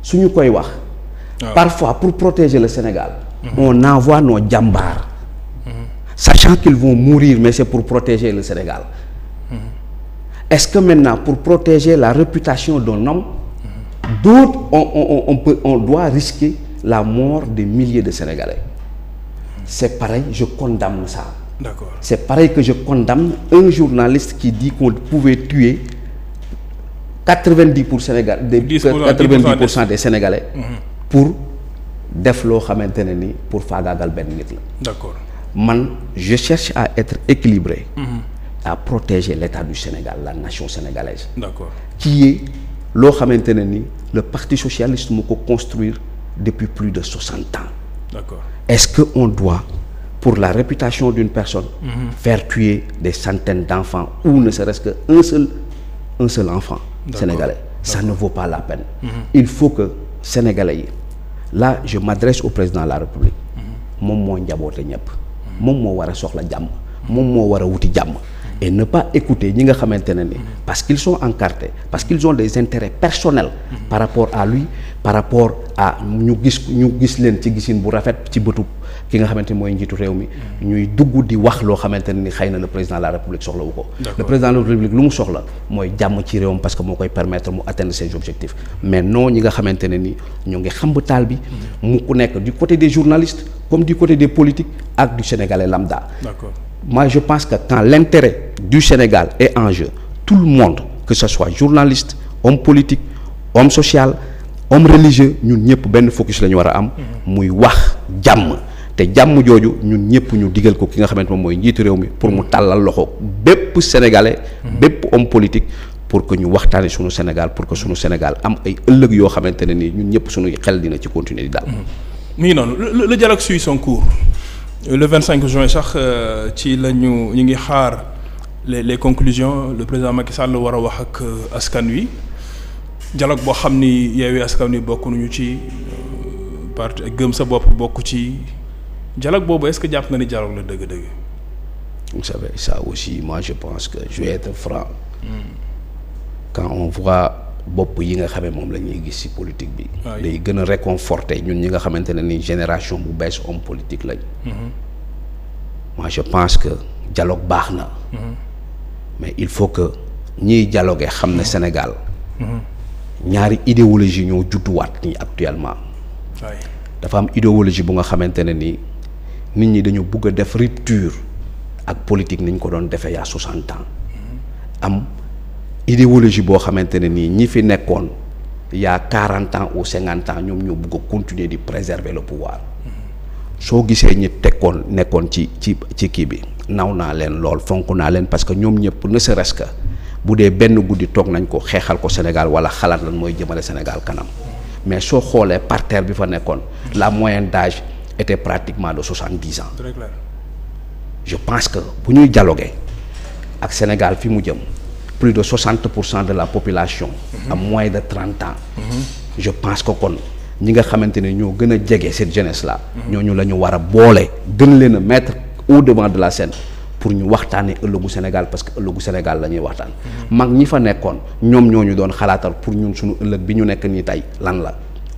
si ah. parfois pour protéger le Sénégal, on envoie nos jambars sachant qu'ils vont mourir, mais c'est pour protéger le Sénégal. Mm-hmm. Est-ce que maintenant, pour protéger la réputation d'un homme, mm-hmm. d'autres, on, doit risquer la mort des milliers de Sénégalais mm-hmm. C'est pareil, je condamne ça. C'est pareil que je condamne un journaliste qui dit qu'on pouvait tuer 90%, des, Sénégalais pour Deflo loo pour Fagagal Ben D'accord man je cherche à être équilibré. Mhm. à protéger l'État du Sénégal la nation sénégalaise. d'accord qui est le parti socialiste Que construire depuis plus de 60 ans. d'accord est-ce qu'on doit pour la réputation d'une personne. Mhm. faire tuer des centaines d'enfants ou ne serait-ce qu'un seul un seul enfant. sénégalais ça ne vaut pas la peine. Mhm. il faut que sénégalais là je m'adresse au président de la République. moom moo de ñëpp moom moo war a soxla jàmm moom moo war wuti jàmm et ne pas écouter ñi nga xamante parce qu'ils sont encartés parce qu'ils ont des intérêts personnels par rapport à lui par rapport à ñu gis ñu gis leen ci gisin bu rafet ci bëtu ki nga xamanteni moy njitu rewmi ñuy dugg di wax lo xamanteni le président de la république soxla wu le président de la république lu mu soxla moy jamm ci rewum parce que mo koy permettre mu atteindre ses objectifs mais non ñi nga xamanteni ni ñu ngi xamb taal bi mu ku nek du côté des journalistes comme du côté des politiques ak du sénégalais lambda d'accord moi je pense que quand l'intérêt du Sénégal est en jeu tout le monde que ce soit journaliste homme politique homme social homme religieux ñun ñep ben focus lañu wara am mm-hmm. muy wax jàmm te jàmm jooju ñun ñëpp ñu diggal ko ki nga xamantene moy mooy njiitu réew mi pour mu talal loxo bépp sénégalais. bépp homme politique. pour que ñu waxtane suñu Sénégal pour que suñu Sénégal am ay ëllëg yo xamantene ni ñun ñëpp suñu xel dina ci continuer di dal mm-hmm. ni non le dialogue suit son cours le 25 juin sax euh, ci lañu ñu ngi xaar les les conclusions le président Macky Sall war wax ak euh, askan wi dialogue bo xamni ni Askan Wi bokku ñu ci euh, part Gëm Sa bop bokku ci dialogue boobu est-ce que jàpp na ni dialogue la deug deug vous savez ça aussi moi je pense que je vais être franc. Hmm. quand on voit bop yi nga xamé mom la ci politique bi. lay ah gëna réconforter ñun ñi nga xamante ni génération bu bees homme politique lañ. Hmm. moi je pense que dialogue baax na. Hmm. mais il faut que ñi dialogué xamné sénégal Sénégal. ñaari idéologie ñoo judduwaat ni actuellement. dafa am idéologie bu nga xamante ni nit ñi dañu bugg a def rupture ak politique ni ñu ko doon defee yaa 60 ans am idéologie boo xamante ne nii ñi fi nekkoon yaa 40 ans ou 50 ans ñoom ñoo bugg a continuer di préserver la pouvoir soo gisee ñi koon nekkoon ci ci ci kii bi naw naa leen lool fonk naa leen parce que ñoom ñëpp ne serait-ce que bu dee benn guddi toog nañ ko xeexal ko Sénégal wala xalaat lan mooy jëmale Sénégal kanam mais soo xoolee parterre bi fa nekkoon la moyenne dage était pratiquement de 70 ans. Très clair. Je pense que pour nous dialoguer le Sénégal plus de 60 de la population. à mhm. moins de 30 ans. Mhm. je pense que nous ñi nga xamante ne cette jeunesse là. nous mhm. nous ñu war gën mettre au devant de la scène. pour nous, le au Sénégal parce que le Sénégal la magnifique Nous mag ñi fa nekkoon ñoom ñoo ñu pour nous suñu ëllëg bi ñu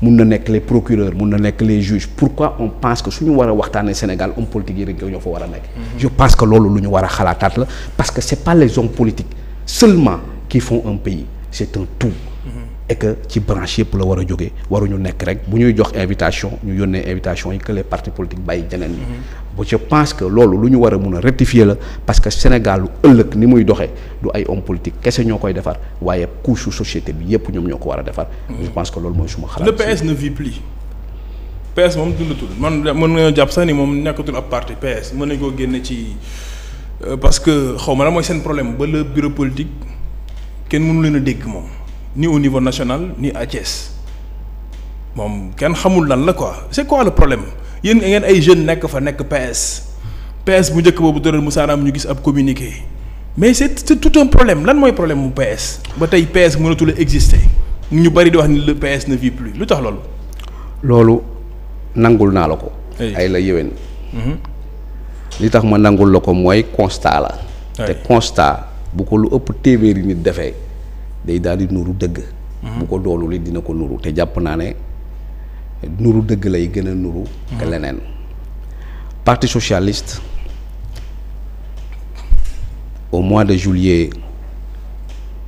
mun na les procureurs mun na les juges pourquoi on pense que suñu wara waxtane Sénégal on politique yi rek ñoo fa wara mhm. je pense que lolu luñu wara war la parce que c'est pas les hommes politiques seulement qui font un pays c'est un tout et que ci branche yëpp la wara a waru ñu nek rek bu ñuy jox invitation ñu yonne invitation yi que les partis politiques bàyyi jeneen ni mhm. ba je pense que lolu lu ñu wara mëna rectifier la parce que Sénégal lu ëllëg ni muy doxé du ay hommes politiques kese ñokoy défar defar couche société bi yépp ñom ñoko wara défar mhm. je pense que lolu moy suma xalaat le PS ne vit plus PS mom dundatul man mën nga jàpp sax ni mom nekatul ab parti PS mën nañ koo génne ci euh, parce que xawma la moy sen problème ba le bureau politique ken mënu leena a dégg moom ni au niveau national ni à Thiès moom kenn xamul lan la quoi c'est quoi le problème y a ay jeunes nekk fa nekk PS PS bu njëkk boobu tëral Moussa Ram ñu gis ab communiqué mais c'est c'est tout un problème lan le problème du PS ba tey PS mënatul a exister ñu bari di wax ni le PS ne vit plus lu tax loolu. loolu nangul naa la ko. ay la yéwén. Mm-hmm. li tax ma nangul la ko mooy constat la. te constat bu ko lu upp téeméeri nit defee. day daal di nuru dëgg. bu ko doolul it dina ko nuru te jàpp naa ne nuru dëgg lay gën a nuru. que hmm. leneen parti socialist au mois de juillet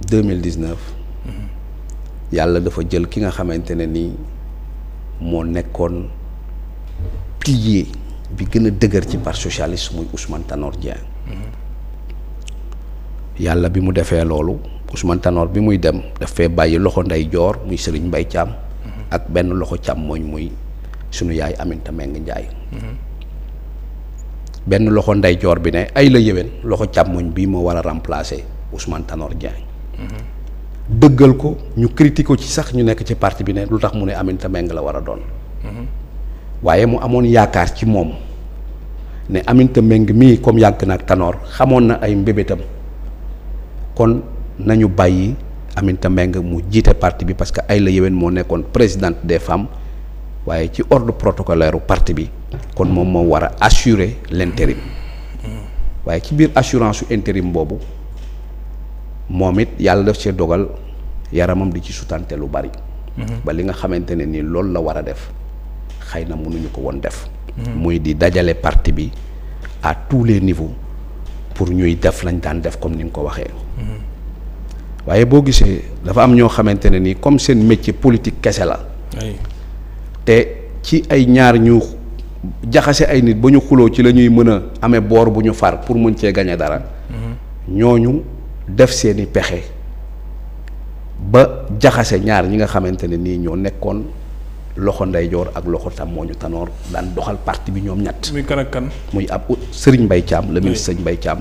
deux mille dix neuf hmm. yàlla dafa jël ki nga xamante ne nii moo nekkoon pilier bi gën a dëgër ci parti socialiste muy Ousmane Tanor hmm. yàlla bi mu defee loolu. Ousmane tanoor bi muy dem daf fee bàyyi loxo nday muy Serigne Mbaye Thiam. Mm-hmm. ak benn loxo càmmooñ muy sunu yaay Aminata Meng Ndiaye. Mm-hmm. benn loxo ndeyjoor bi ne ay la yéwén loxo càmmooñ bii moo war a remplacer Ousmane Tanor Dieng. dëggal mm-hmm. ko ñu critiqué ko ci sax ñu nekk ci parti bi ne lu tax mu ne Aminata Meng la war a doon. waaye mu amoon yaakaar ci moom ne Aminata Meng mii comme yàgg na ak Tanor xamoon na ay mbébétam kon. nañu bàyyi Aminata Mbengue mu jiite parti bi parce que ay la Yewen moo nekkoon président des femmes waaye ci ordre protocolaire u parti bi kon moom moo war a assurer l'intérim waaye ci biir assurance u intérim boobu moom it yàlla def see dogal yaramam di ci sutante lu bari. Mhm. ba li nga xamante ne nii loolu la war a def xëy na mënuñu ko woon def. Mhm. muy di dajale parti bi à tous les niveaux pour ñuy def lañ daan def comme ni nga ko waxee. Mhm. waaye boo gisee dafa am ñoo xamante ne ni comme seen métier politique kese la te ci ay ñaar ñu jaxase ay nit ba ñu xuloo ci la ñuy mën a amee boor bu ñu far pour mën cee gañe dara mhm. ñooñu def seeni pexe ba jaxase ñaar ñi nga xamante ne nii ñoo nekkoon loxo ndeyjoor ak loxo tam moo ñu tanoor daan doxal parti bi ñoom ñett muy kan kan muy ab Serigne Mbaye Thiam le ministre Serigne Mbaye Thiam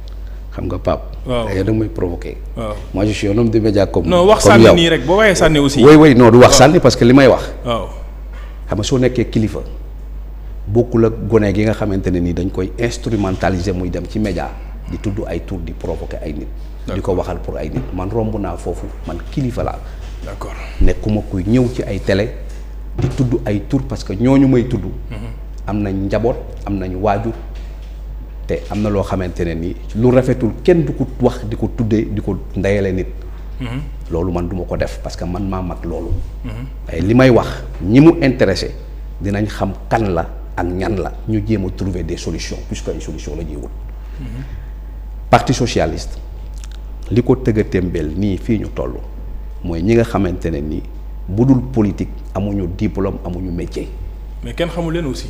xam nga Pape. waaw yow da nga may provoqué. waaw moi je comme. non wax sànni nii rek boo waxee sànni aussi. oui oui non du wax sànni parce que li may wax. xam nga soo nekkee kilifa bokkul ak gone gi nga xamante ne ni dañ koy instrumentaliser muy dem ci média di tudd ay tur di provoqué ay nit. di ko waxal pour ay nit man romb naa foofu man kilifa laa. d'accord nekkuma kuy ñëw ci ay tele di tudd ay tur parce que ñooñu may tudd. Mhm. am nañ njaboot am nañ waajur. te am na loo ni lu rafetul kenn du ko wax diko ko diko ndayalé ko ndeyale nit. Mm-hmm. loolu man duma ko def parce que man ma mag loolu. Mm-hmm. waaye li may wax ñi mu intéressé dinañ xam kan la ak ñan la ñu jéem trouver des solutions puisque ay solutions la ñuy wut. Mm-hmm. parti socialiste liko ko tëgg ni fi ñu tollu moy ñi nga xamantene ni nii politique amuñu diplôme amuñu métier. mais kenn xamu leen aussi.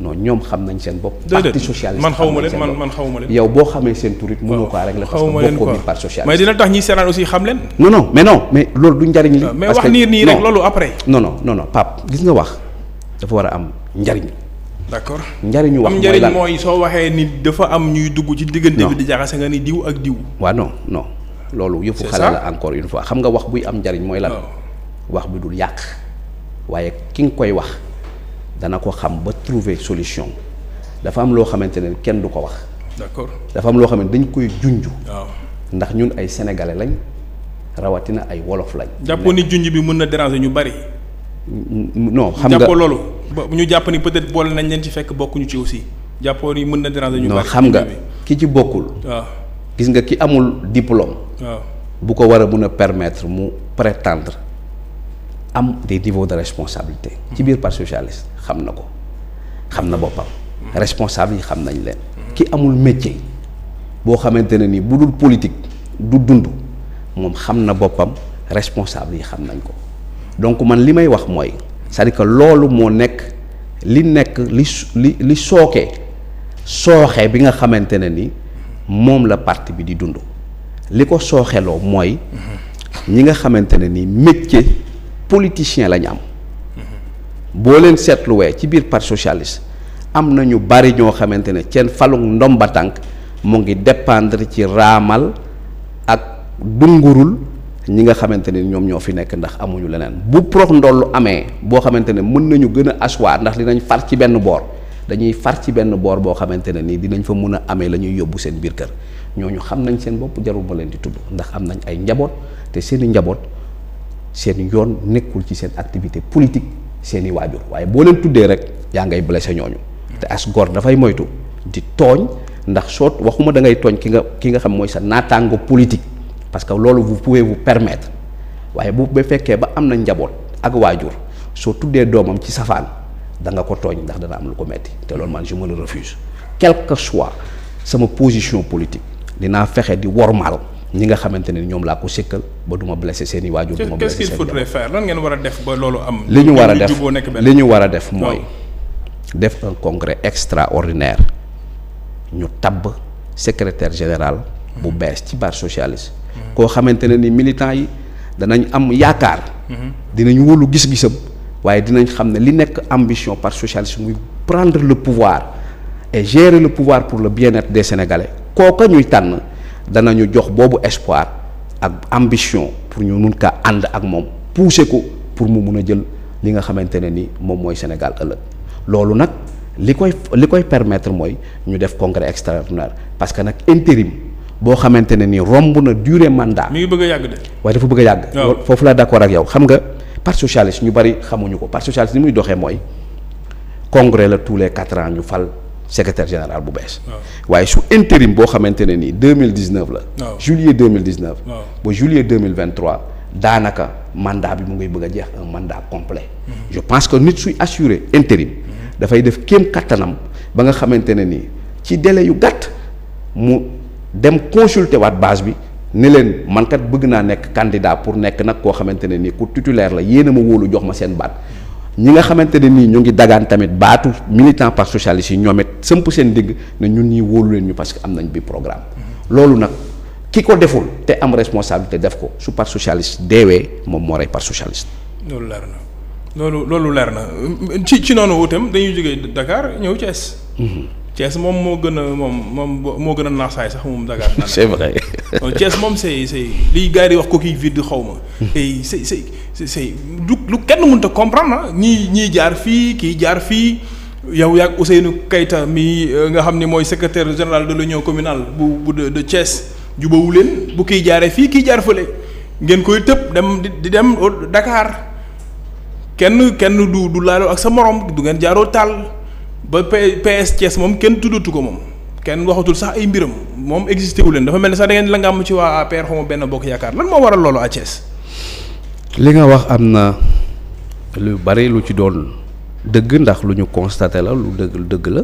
non ñoom xam nañ seen bopp. parti social man xawuma leen man man xawuma leen. yow boo xamee seen tur it mënoo ko régler parce que bokkoo biir parti socialiste. mais dina tax ñi seeraan aussi xam leen. non non mais non mais loolu du njariñ li. parce que mais wax nii nii rek loolu après. non non non non Pape gis nga wax dafa war a am njariñ. d'accord njariñu wax mooy lan am njariñ soo waxee ni dafa am ñuy dugg ci diggante bi di jaxase nga ni diw ak diw. waaw non loolu yëfu xale la encore une xam nga wax buy am njariñ mooy lan oh. wax bi dul yàq waaye ki nga koy wax dana ko xam ba trouver solution dafa am wax. d'accord dafa am sénégalais lañ rawatina ay wolof déranger non xam nga ñu peut-être bol nañ leen ci fekk ñu ci aussi déranger ñu diplôme. waaw bu ko permettre mu prétendre am des niveaux de responsabilité. ci hmm. biir parti socialiste. xam na ko xam na boppam. responsable yi xam nañ leen. ki amul métier boo xamante ne ni bu dul politique du dund moom xam na boppam responsable yi xam nañ ko donc man li may wax mooy cest que loolu moo nekk li nekk li li li sooke bi nga xamante ne ni moom la parti bi di dund li ko sooxeloo mooy ñi nga xamante ne ni métier politicien lañ am. boo leen seetluwee ci biir parti socialiste am na ñu bari ñoo xamante ne seen falug ndomba tànk mu ngi dependre ci raamal ak dungurul ñi nga xamante ne ñoom ñoo fi nekk ndax amuñu leneen bu prox ndollu amee boo xamante ne mën nañu gën a asseoir ndax dinañ far ci benn boor dañuy far ci benn boor boo xamante ne nii dinañ fa mun a amee la ñuy yóbbu seen biir kër ñooñu xam nañ seen bopp jarul ma leen di tudd ndax am nañ ay njaboot te seen i njaboot seen yoon nekkul ci seen activité politique seeni waajur waaye boo leen tuddee rek yaa ngay blessé ñooñu te as gor dafay moytu di tooñ ndax soo waxuma da ngay tooñ ki nga ki nga xam mooy sa naataango politique parce que loolu bu pouvez vous permettre waaye bu ba fekkee ba am na njaboot ak waajur soo tuddee doomam ci safaan da nga ko tooñ ndax dana am lu ko metti te loolu man je me le refuse quel que soit sama position politique dinaa fexe di wormaal ni nga xamante ne ñoom ko sekkal ba duma ma blessé seen i waajur du ma blessé qu'est-ce qu'il faudrait faire lan ngeen wara def ba lolu am liñu wara def liñu wara def moy def un congrès extraordinaire ñu tab secrétaire général bu mm-hmm. bees ci bar socialiste ko xamante ni militant yi danañ am yaakaar mm-hmm. dinañ wolu gis-gisam waye dinañ xam li nek ambition par socialiste muy prendre le pouvoir et gérer le pouvoir pour le bien-être des Sénégalais ko ñuy tànn dana ñu jox boobu espoir ak ambition pour ñu mun kaa ànd ak moom pousser ko pour mu mun a jël li nga xamante ne ni moom mooy Sénégal ëllëg loolu nag li koy li koy permettre mooy ñu def congrès extraordinaire parce que nag intérim boo xamante ne ni romb na durée mandat. mi ngi bëgg a yàgg de. waaye dafa bëgg a yàgg. foofu laa d'accord ak yow xam nga parti socialiste ñu bari xamuñu ko parti socialiste ni muy doxee mooy congrès la tous les quatre ans ñu fal. secrétaire général Boubès. bees. waaye su intérim boo xamante 2019 nii la. juillet 2019. mille juillet 2023, mille vingt trois daanaka mandat bi bëgg un mandat complet. Mm-hmm. je pense que nit suy assuré intérim. Mm-hmm. dafay def kéem kattanam ba nga xamante ni ci délai yu gatt mu dem consulter waat base bi. ni man kat bëgg na nek candidat pour nek nak ko xamante ni nii ku titulaire la yéne ma wolu jox ma seen baat ñi nga xamante ne nii ñu ngi dagaan tamit baatu militant parti socialiste yi ñoom it sëmp seen digg ne ñun ñii wóolu leen ñu parce que am nañ bi programme loolu nag ki ko deful te am te def ko su parti socialiste deewee moom moo rey parti socialiste. loolu leer na loolu loolu leer na ci ci noonu itam dañuy jógee Dakar ñëw Thiès. Mhm. Thiès moom moo gën a moom moom moo gën a naasaay sax moom Dakar. c'est vrai. Thiès moom c'est c'est liy gars yi di wax coquille vide xaw ma. Hmm. tey c'est c'est c'est lu lu kenn mënut a comprendre ah ñii ñii jaar fii kii jaar fii. yow yaag Ousseynou Keita mi euh, nga xam ne mooy secrétaire général de union communale bu bu de de Thiès jubawu leen bu kii jaaree fii kii jaar fële ngeen koy tëb dem di dem Dakar kenn kenn du du laaloo ak sa morom du ngeen jaaroo taal. ba PS Thiès moom kenn tuddatu ko moom kenn waxatul sax ay mbiram moom existé wu leen dafa mel ni sax da ngeen la nga am ci waa APR xaw benn bokk yaakaar lan moo waral loolu à Thiès. li nga wax am na lu bari lu ci doon dëgg ndax lu ñu constaté la lu dëgg dëgg la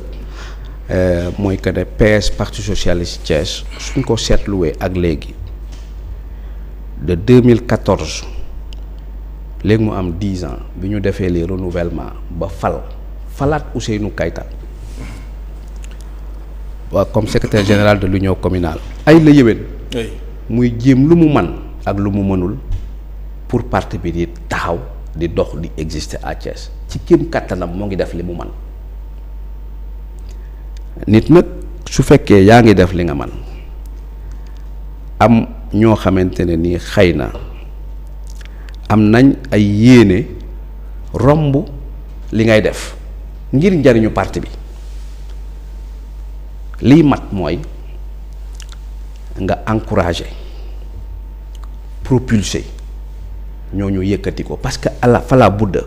euh, mooy que ne PS parti socialiste Thiès suñ ko seetluwee ak léegi de 2014 léegi mu am 10 ans bi ñu defee les renouvellement ba fal. falaat Ousseynou Kayta waa comme secrétaire général de lu ñëw communal ay la yëwén muy jéem lu mu man ak lu mu mënul pour parti bi di taxaw di dox di exister à Thiès ci kéem kattanam mu ngi def li mu man nit nag su fekkee yaa ngi def li nga man am ñoo xamante ne nii xëy na am nañ ay yéene romb li ngay def ngir njariñu parti bi liy mat mooy nga encourager ñoo ñooñu yëkkati ko parce que ala fala budda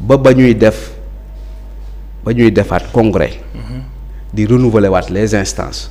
ba ba ñuy def ba ñuy defaat congrès mhm. di renouveler waat les instances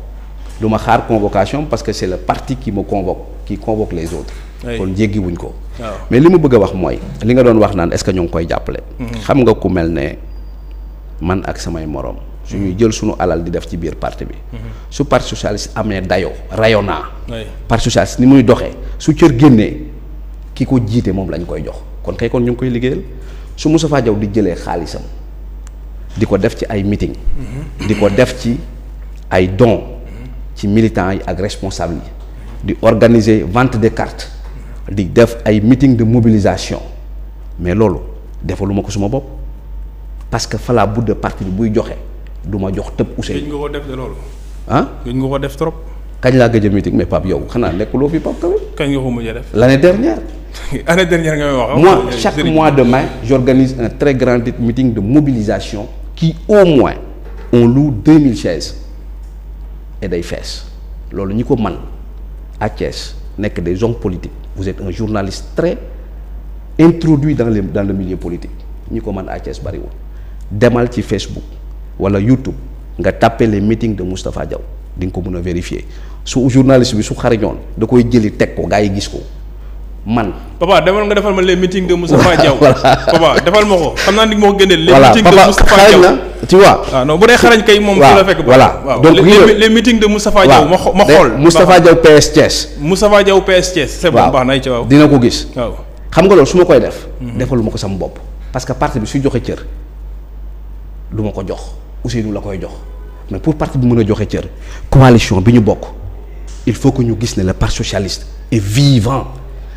du ma xaar convocation parce que c'est le parti qui me convoque qui convoque les autres kon jéggiwuñ ko mais li ma bëgg a wax mooy li nga doon wax naan est-ce que ñu ngi koy jàppale mhm. xam nga ku mel man ak samay moroom suñuy mhm. jël suñu alal di def ci biir parti bi mhm. su parti socialiste amé dayo rayona parti socialiste ni muy doxé su cër génné ki ko jiite moom lañ koy jox kon kay kon ñu koy liggéeyal su Moustapha Diaw di jëlé xaalisam diko def ci ay meeting diko def ci ay dons qui militants et responsables d'organiser organiser vente des cartes de def ay meeting de mobilisation mais lolo defaluma ko suma bop parce que fala bout de parti de joxe du jox tepp Ousseynou. def de lolo ah hein? gëj nga def trop. kagn la gëj meeting mais Pape yow xanaa nekkuloo fi pap Kawe. kagn nga def. l'année dernière. L'année dernière nga wax. Ah, moi chaque mois de mai j'organise un très grand meeting de mobilisation qui au moins on loue 2000 chaises et des fesses. loolu ñi man à Thiès que des hommes politiques vous êtes un journaliste très introduit dans le dans le milieu politique ñi ko man à Thiès bariwul demal ci Facebook wala YouTube nga tapé les meetings de Moustapha Diaw Vous pouvez ko vérifier su journaliste bi su xarañoon da koy jëli teg ko gaa yi gis man. papa demal nga defal ma les meetings de Moustapha Diaw. papa defal ma ko xam naa ni ma ko génneel. les meetings de Moustapha Diaw waaw ah, non bu dee xarañ kay moom. waaw la fekk voilà donc les les meetings de Moustapha Diaw. ma xo ma xool Moustapha Diaw PS Thiès. Moustapha Diaw PS Thiès. c'est baax na ay ca waaw dina ko gis. xam nga lool su ma koy def. Mhm. defalu ma ko sama bopp. parce que parti bi su joxe cër du ma ko jox aussi Ousseynou la koy jox mais pour parti bi mën a joxe cër coalition bi ñu bokk il faut que ñu gis ne la parti socialiste est vivant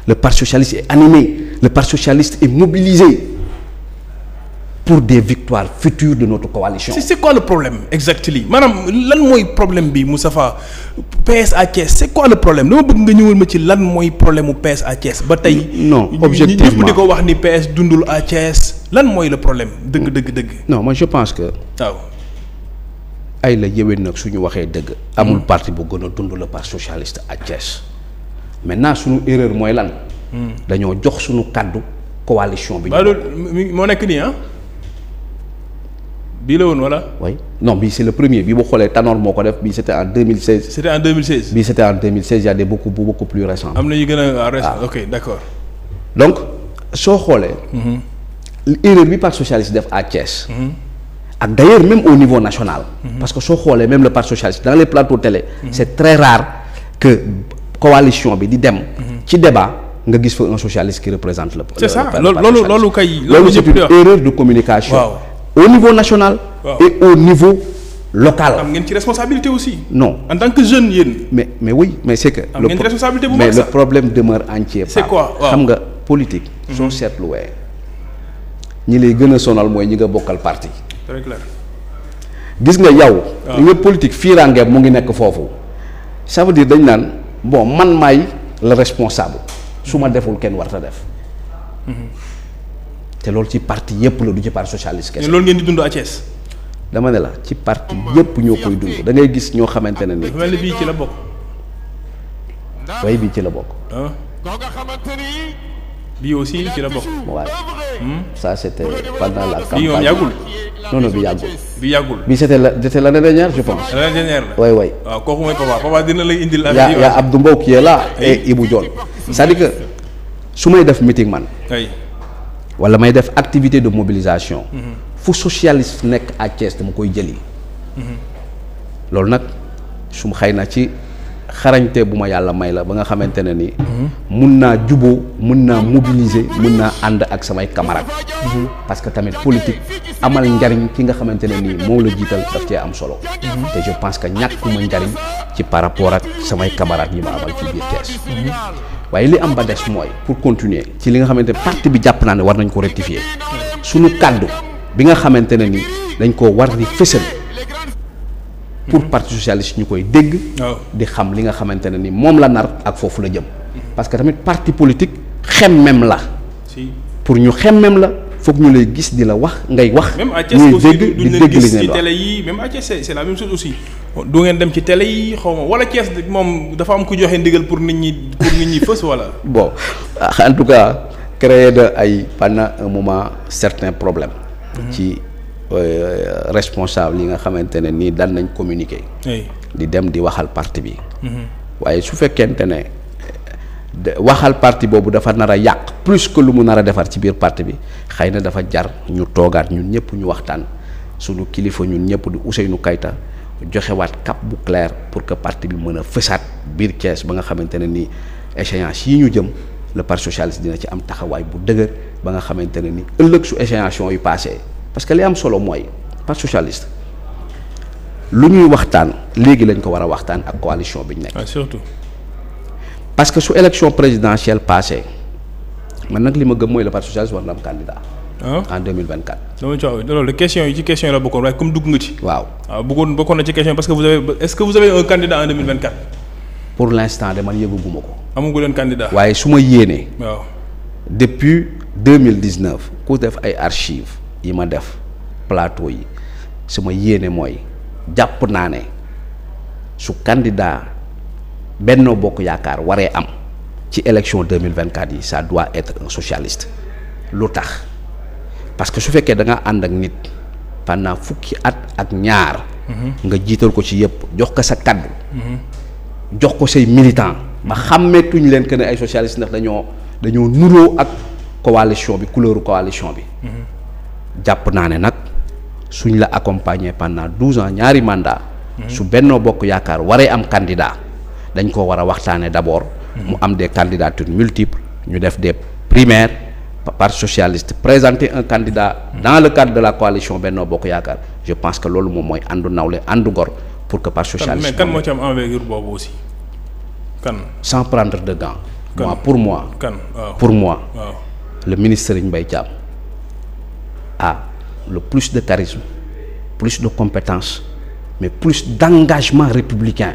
Le Parti socialiste est animé, le Parti socialiste est mobilisé pour des victoires futures de notre coalition. C'est quoi le problème exactement Madame, quel est le problème, Moussafa PSA Thiès, c'est quoi le problème Je veux que vous le problème du PSA à Non, objectivement. Nous avons dit que PS Dundoul à Thiès. Quel est le problème deug, deug, deug. Non, moi je pense que... Ah. Aïe, le yéwé, si nous avons dit que nous avons parti le Parti Socialiste à Thiès maintenant suñu erreur mooy lan. Hmm. dañoo jox suñu kàddu coalition bi. ñu bah, hein. oui non mais c'est le premier c'était en 2016. c'était en 2016. bii c'était en 2016 Il y a des beaucoup beaucoup plus récents. am na yu ah, ah. ok d'accord. donc soo xoolee. Mm-hmm. erreur du parti socialiste def à Thiès. Mm-hmm. ak d'ailleurs même au niveau national. Mm-hmm. parce que soo xoolee même le parti socialiste dans les plateaux télé. c'est très rare que coalition bi di dem. ci débat nga gis un socialiste qui représente le. c'est ça loolu loolu kay. loolu c'est une erreur de communication. au niveau national. et au niveau local. am ngeen ci responsabilité aussi. non en tant que jeune yéen. mais mais oui mais c'est que. le responsabilité mais le problème demeure entier. c'est quoi xam nga politique. soo mhm. seetluwee ñi lay gën a sonal mooy ñi nga bokkal parti. très clair. gis nga yow. une politique fiiraange mu ngi nekk foofu. ça veut dire dañ bon man maay le responsable su ma deful kenn warta def te loolu ci parti yépp la du ci parti socialiste kese loolu ngeen di dund à dama ne la ci parti yépp ñoo koy dund da ngay gis ñoo xamante ne ni bii ci la bokk way bii ci la bokk ah. bii aussi ci la bokk. waaw ça c' était pendant la campagne bii bi yàggul. bi yàggul bi la c' était l' année dernière je pense. l' année dernière la. waay waay waaw kooku mooy Papa Papa dina a Abdou Mbow su may def meeting man. wala may def activité de mobilisation. Mhm. fu socialiste nekk à dama koy jëli. Mhm. loolu nag su ma na ci. xarañte bu ma yàlla may la ba nga xamante ne ni. Mhm. mun naa juboo mun naa mhm. mobiliser mun naa ànd ak samay camarades. Mhm. parce que tamit politique amal njariñ ki nga xamante ne nii moom la jiital daf cee am solo. te je pense que ñàkkuma njariñ ci par rapport ak samay camarades yi ma amal ci biir waaye li am ba des mooy pour continuer ci li nga xamante ne parti bi jàpp naa ne war nañ ko rectifier. sunu kàddu bi nga xamante ne ni dañ koo war di fësal. pour parti socialiste nous dit dégg. di xam li nga nous Nous nous avons parce que parti politique dit pour ñu même la que ñu lay Nous di la wax ngay wax. même à c'est la même chose aussi. ngeen dem ci télé yi xawma wala dafa am ku joxe pour nit pour bon ah, en tout cas créer de ay un moment certains problèmes. ci. Mhm. Euh, responsable yi nga xamante ne nii daan nañ communiquer. di dem di waxal parti bi. Mhm. waaye su fekkente ne waxal parti boobu dafa nar a yàq plus que lu mu nar a defar ci biir parti bi xëy na dafa jar ñu toogaat ñun ñëpp ñu waxtaan sunu kilifa ñun ñëpp di Ousseynou Kayta joxewaat cap bu clair pour que parti bi mën a fësaat biir Thiès ba nga xamante ne nii échéance yi ñu jëm le parti socialiste dina ci am taxawaay bu dëgër ba nga xamante ne ni ëllëg su échéance yu passé parce que li am solo mooy parti socialiste lu ñuy waxtaan légui lañ ko wara a waxtaan ak coalition biñ nek Ah, surtout. parce que su élection présidentielle passée man nak lima gëm le parti socialiste war na am candidat. Ah. en 2024. dama ci wax question yi ci question la bokkoon way comme dugg nga ci. waaw waaw ah, bëggoon na ci question parce que vous avez est-ce que vous avez un candidat en 2024. pour l'instant de man yëguguma ko. amagu len candidat. waaye suma yéné waaw depuis 2019 ku def ay archives. yi ma def plateau yi su ma yéene mooy jàpp naa ne su candidat Benno Bokk Yaakaar waree am ci mille vingt 2024 yi sa doit être un lu tax parce que su fekkee da ànd ak nit pendant fukki at ak ñaar mhm. nga jiital ko ci yépp jox ko sa kaddu mhm. jox ko say militant ba xàmmeetuñ leen que ne ay socialiste ndax dañoo dañoo nuroo ak coalition bi couleur coalition bi mhm. jàpp naa ne nag suñ la accompagner pendant douze ans ñaari mandat su Benno Bokk Yaakaar waree am candidat dañ ko war a waxtaanee d'abord. mu am des candidatures multiples ñu def des primaire parti socialiste présenter un candidat. dans le cadre de la coalition Benno Bokk Yaakaar je pense que loolu moom mooy àndu nawle àndu gor pour que parti socialiste. mais kan moo ci am envergure boobu aussi kan. sans de gants. pour moi. kan pour moi. le ministre Serigne Mbaye Thiam. a le plus de charisme, plus de compétences, mais plus d'engagement républicain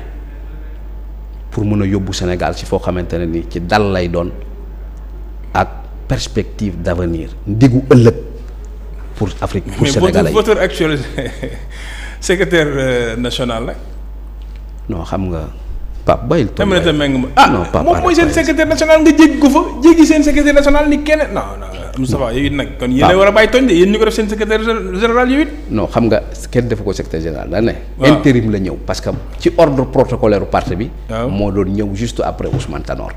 pour mon au Sénégal si foo xamante ci dal perspective d'avenir digou pour l'Afrique, pour Sénégalais Sénégal. mais votre actuel secrétaire euh, national non xam nga. Pape bàyyil toog ah non Pape moom mooy seen secrétaire national nga jéggi ko fa jéggi seen secrétaire national ni kenn non non Moustapha yow it nag kon yéen de yéen ñu ko def seen secrétaire général yow it xam nga kenn defu ko secrétaire général da ne intérim la ñëw parce que ci ordre protocolaire u parti bi moo doon ñëw juste après Ousmane Tanor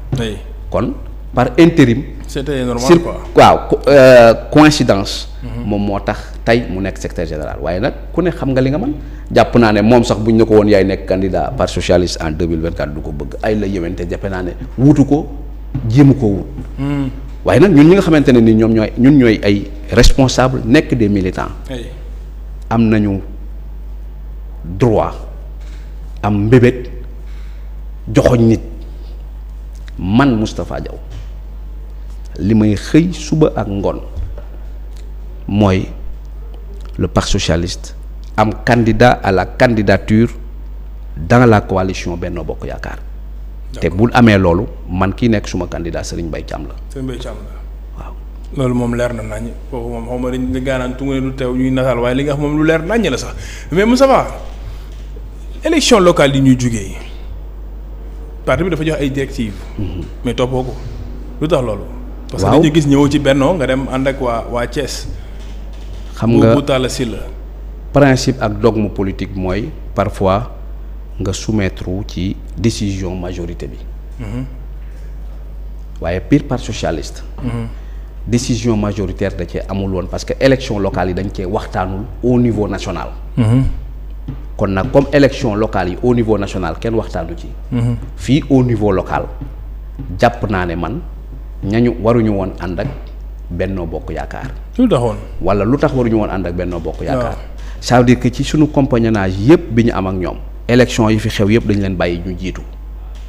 kon par intérim. c'était normal sur waaw euh, coïncidence. mom motax tay mu nek secrétaire général waye nak ku ne xam nga li nga man jàpp naa ne moom sax buñ nako won ko nek candidat par socialiste en 2024 du ko bëgg ay la yewente jàppe naa ne wutu ko jéemu koo wut. Hmm. waaye ñun ñi nga xamantene ni ñom ñoy ñun ñoy ay responsable nek des militants. am nañu droit am mbébét joxoñ nit man mustapha Diaw li may xëy suba ak ngoon moy le parti socialiste am candidat à la candidature dans la coalition Benno Bokk yakar té bu amé lolu man ki nek suma candidat Serigne Mbaye Thiam la Serigne Mbaye Thiam la waaw loolu moom leer na nañ foofu moom xaw ma dañ gaanaan tunga ne du ñuy nataal way li nga xam moom lu leer nañ la sax mais Moussa élection locale yi ñuy jugee parti bi dafa jox ay directives mhm. mais toppoo lu tax lolu parce que dañu gis ñëw ci Benno nga dem and ak wa wa Thiès. xam nga bu Talla Le principe ak dogme politique moy parfois nga soumettre à ci décision majorité bi. Mhm. waaye pire par socialiste. Mhm. décision majoritaire da ci amul won parce que élection locale yi dañ ci au niveau national. Mhm. kon nak comme élection locale yi au niveau national que waxtaanu ci. fi au niveau local japp naane man. ñañu waruñu woon ànd ak bennoo bokk yaakaar. lu taxoon wala lu tax waruñu woon ànd ak bennoo bokk yaakaar. ça veut ci suñu compagnonnage yëpp bi ñu am ak ñoom. élection yi fi xew yëpp dañu leen bàyyi ñu jiitu.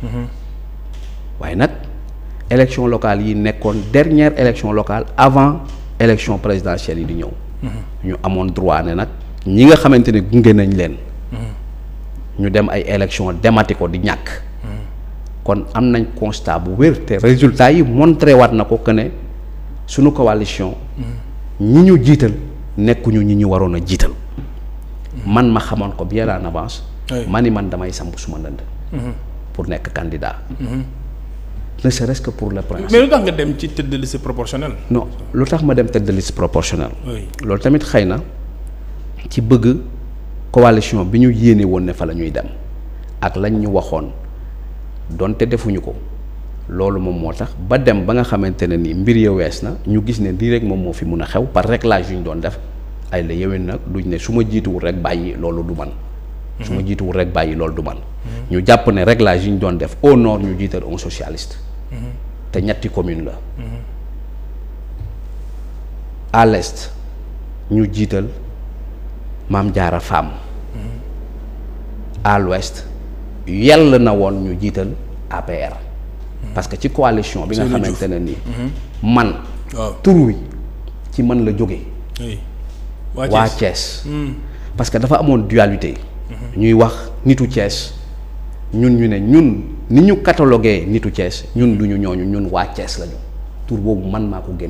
Mhm. waaye nag élection locale yi nekkoon dernière élection locale avant élection présidentielle yi di ñëw. Mhm. ñu amoon droit ne nag ñi nga xamante ne gunge nañ leen. Mhm. ñu dem ay élection demati ko di ñàkk. kon am nañ constat bu wér te résultat yi montre waat na ko que ne suñu coalition ñi ñu jiital nekkuñu ñi ñu waroon a jiital man ma xamoon ko bien en avance ma man damay samp suma ndënd mhm. pour nekk candidat mhm. ne serait-ce pour le prince. lu tax nga dem ci tête de liste proportionnelle. lu tax ma dem tête de liste proportionnelle. loolu tamit xëy na ci bëgg coalition bi ñu yéene woon ne fa la ñuy dem ak lañ ñu waxoon. donte defuñu ko loolu moom moo tax ba dem ba nga xamante ne nii mbir ya wees na ñu gis ne lii rek moom moo fi mun a xew par réglage yu ñu doon def ay la yewén nag duñ ne su ma jiituwul rek bàyyi loolu du man su ma mhm. jiituwul rek bàyyi loolu du man mhm. ñu jàpp ne réglage yi ñu doon def au nord ñu jiital un socialiste mhm. te ñetti commune la à l'est ñu jiital Maam Jaara Fam à l'ouest yalla na won ñu jital APR. parce que ci coalition bi nga xamante ni mhm. man. tur wi ci man la jógee. wa Thiès hmm. parce que dafa amone dualité. Mhm. ñuy wax nitu Thiès ñun ñu né ñun ni ñu catalogué nitu Thiès ñun duñu ñooñu ñun wa Thiès lañu tour bobu man mako ko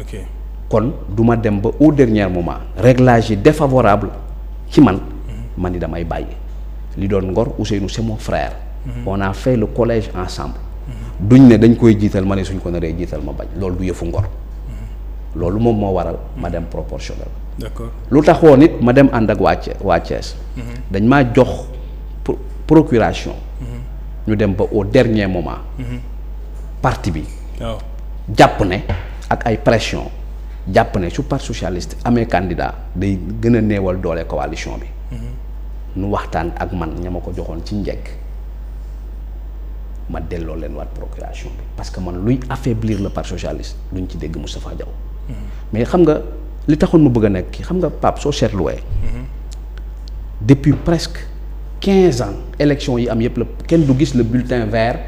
ok kon duma dem ba au dernier moment réglage défavorable ci man. Mhm. man ni damay bàyyi c'est mon frère. Mhm. on a fait le collège ensemble. duñ ne dañ koy suñ ko ma bañ loolu du ngor. Mhm. d'accord lu ma Andag mhm. procuration. Nous au dernier moment. parti bi. Japonais jàpp pression Japonais, socialiste américain candidat la a la coalition nu waxtaan ak man ña ma ko joxoon ci njëkk ma delloo leen procuration bi parce que man luy affaiblir le parti socialiste duñ ci dégg Moustapha Diaw mm-hmm. mais xam nga li taxoon ma bëgg a xam nga Pape soo seetluwee mm-hmm. depuis presque 15 ans élection yi am yëpp la kenn du gis le bulletin vert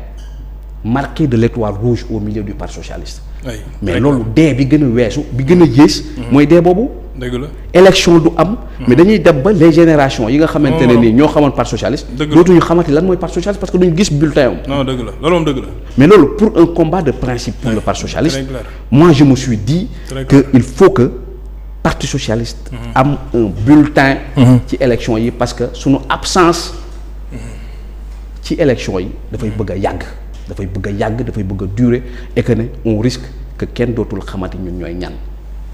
marqué de l'étoile rouge au milieu du parti socialiste mais loolu dé bi gëna a bi gëna a moy mm-hmm. dé bobu élection du am. mais dañuy dem ba les générations yi nga xamante ni nii ñoo xamoon parti socialiste. dootuñu xamati lan moy parti socialiste parce que duñu gis bulletin non deug la loolu moom la. mais loolu pour un combat de principe pour le parti socialiste. moi je me suis dit. que il faut que parti socialiste. Mm-hmm. am un bulletin. Mm-hmm. ci élection yi parce que suñu absence. Mm-hmm. ci élection yi fay bëgg a da fay bëgg a da fay bëgg durer et que ne on risque que kenn dootul xamati ñun ñoy ñan.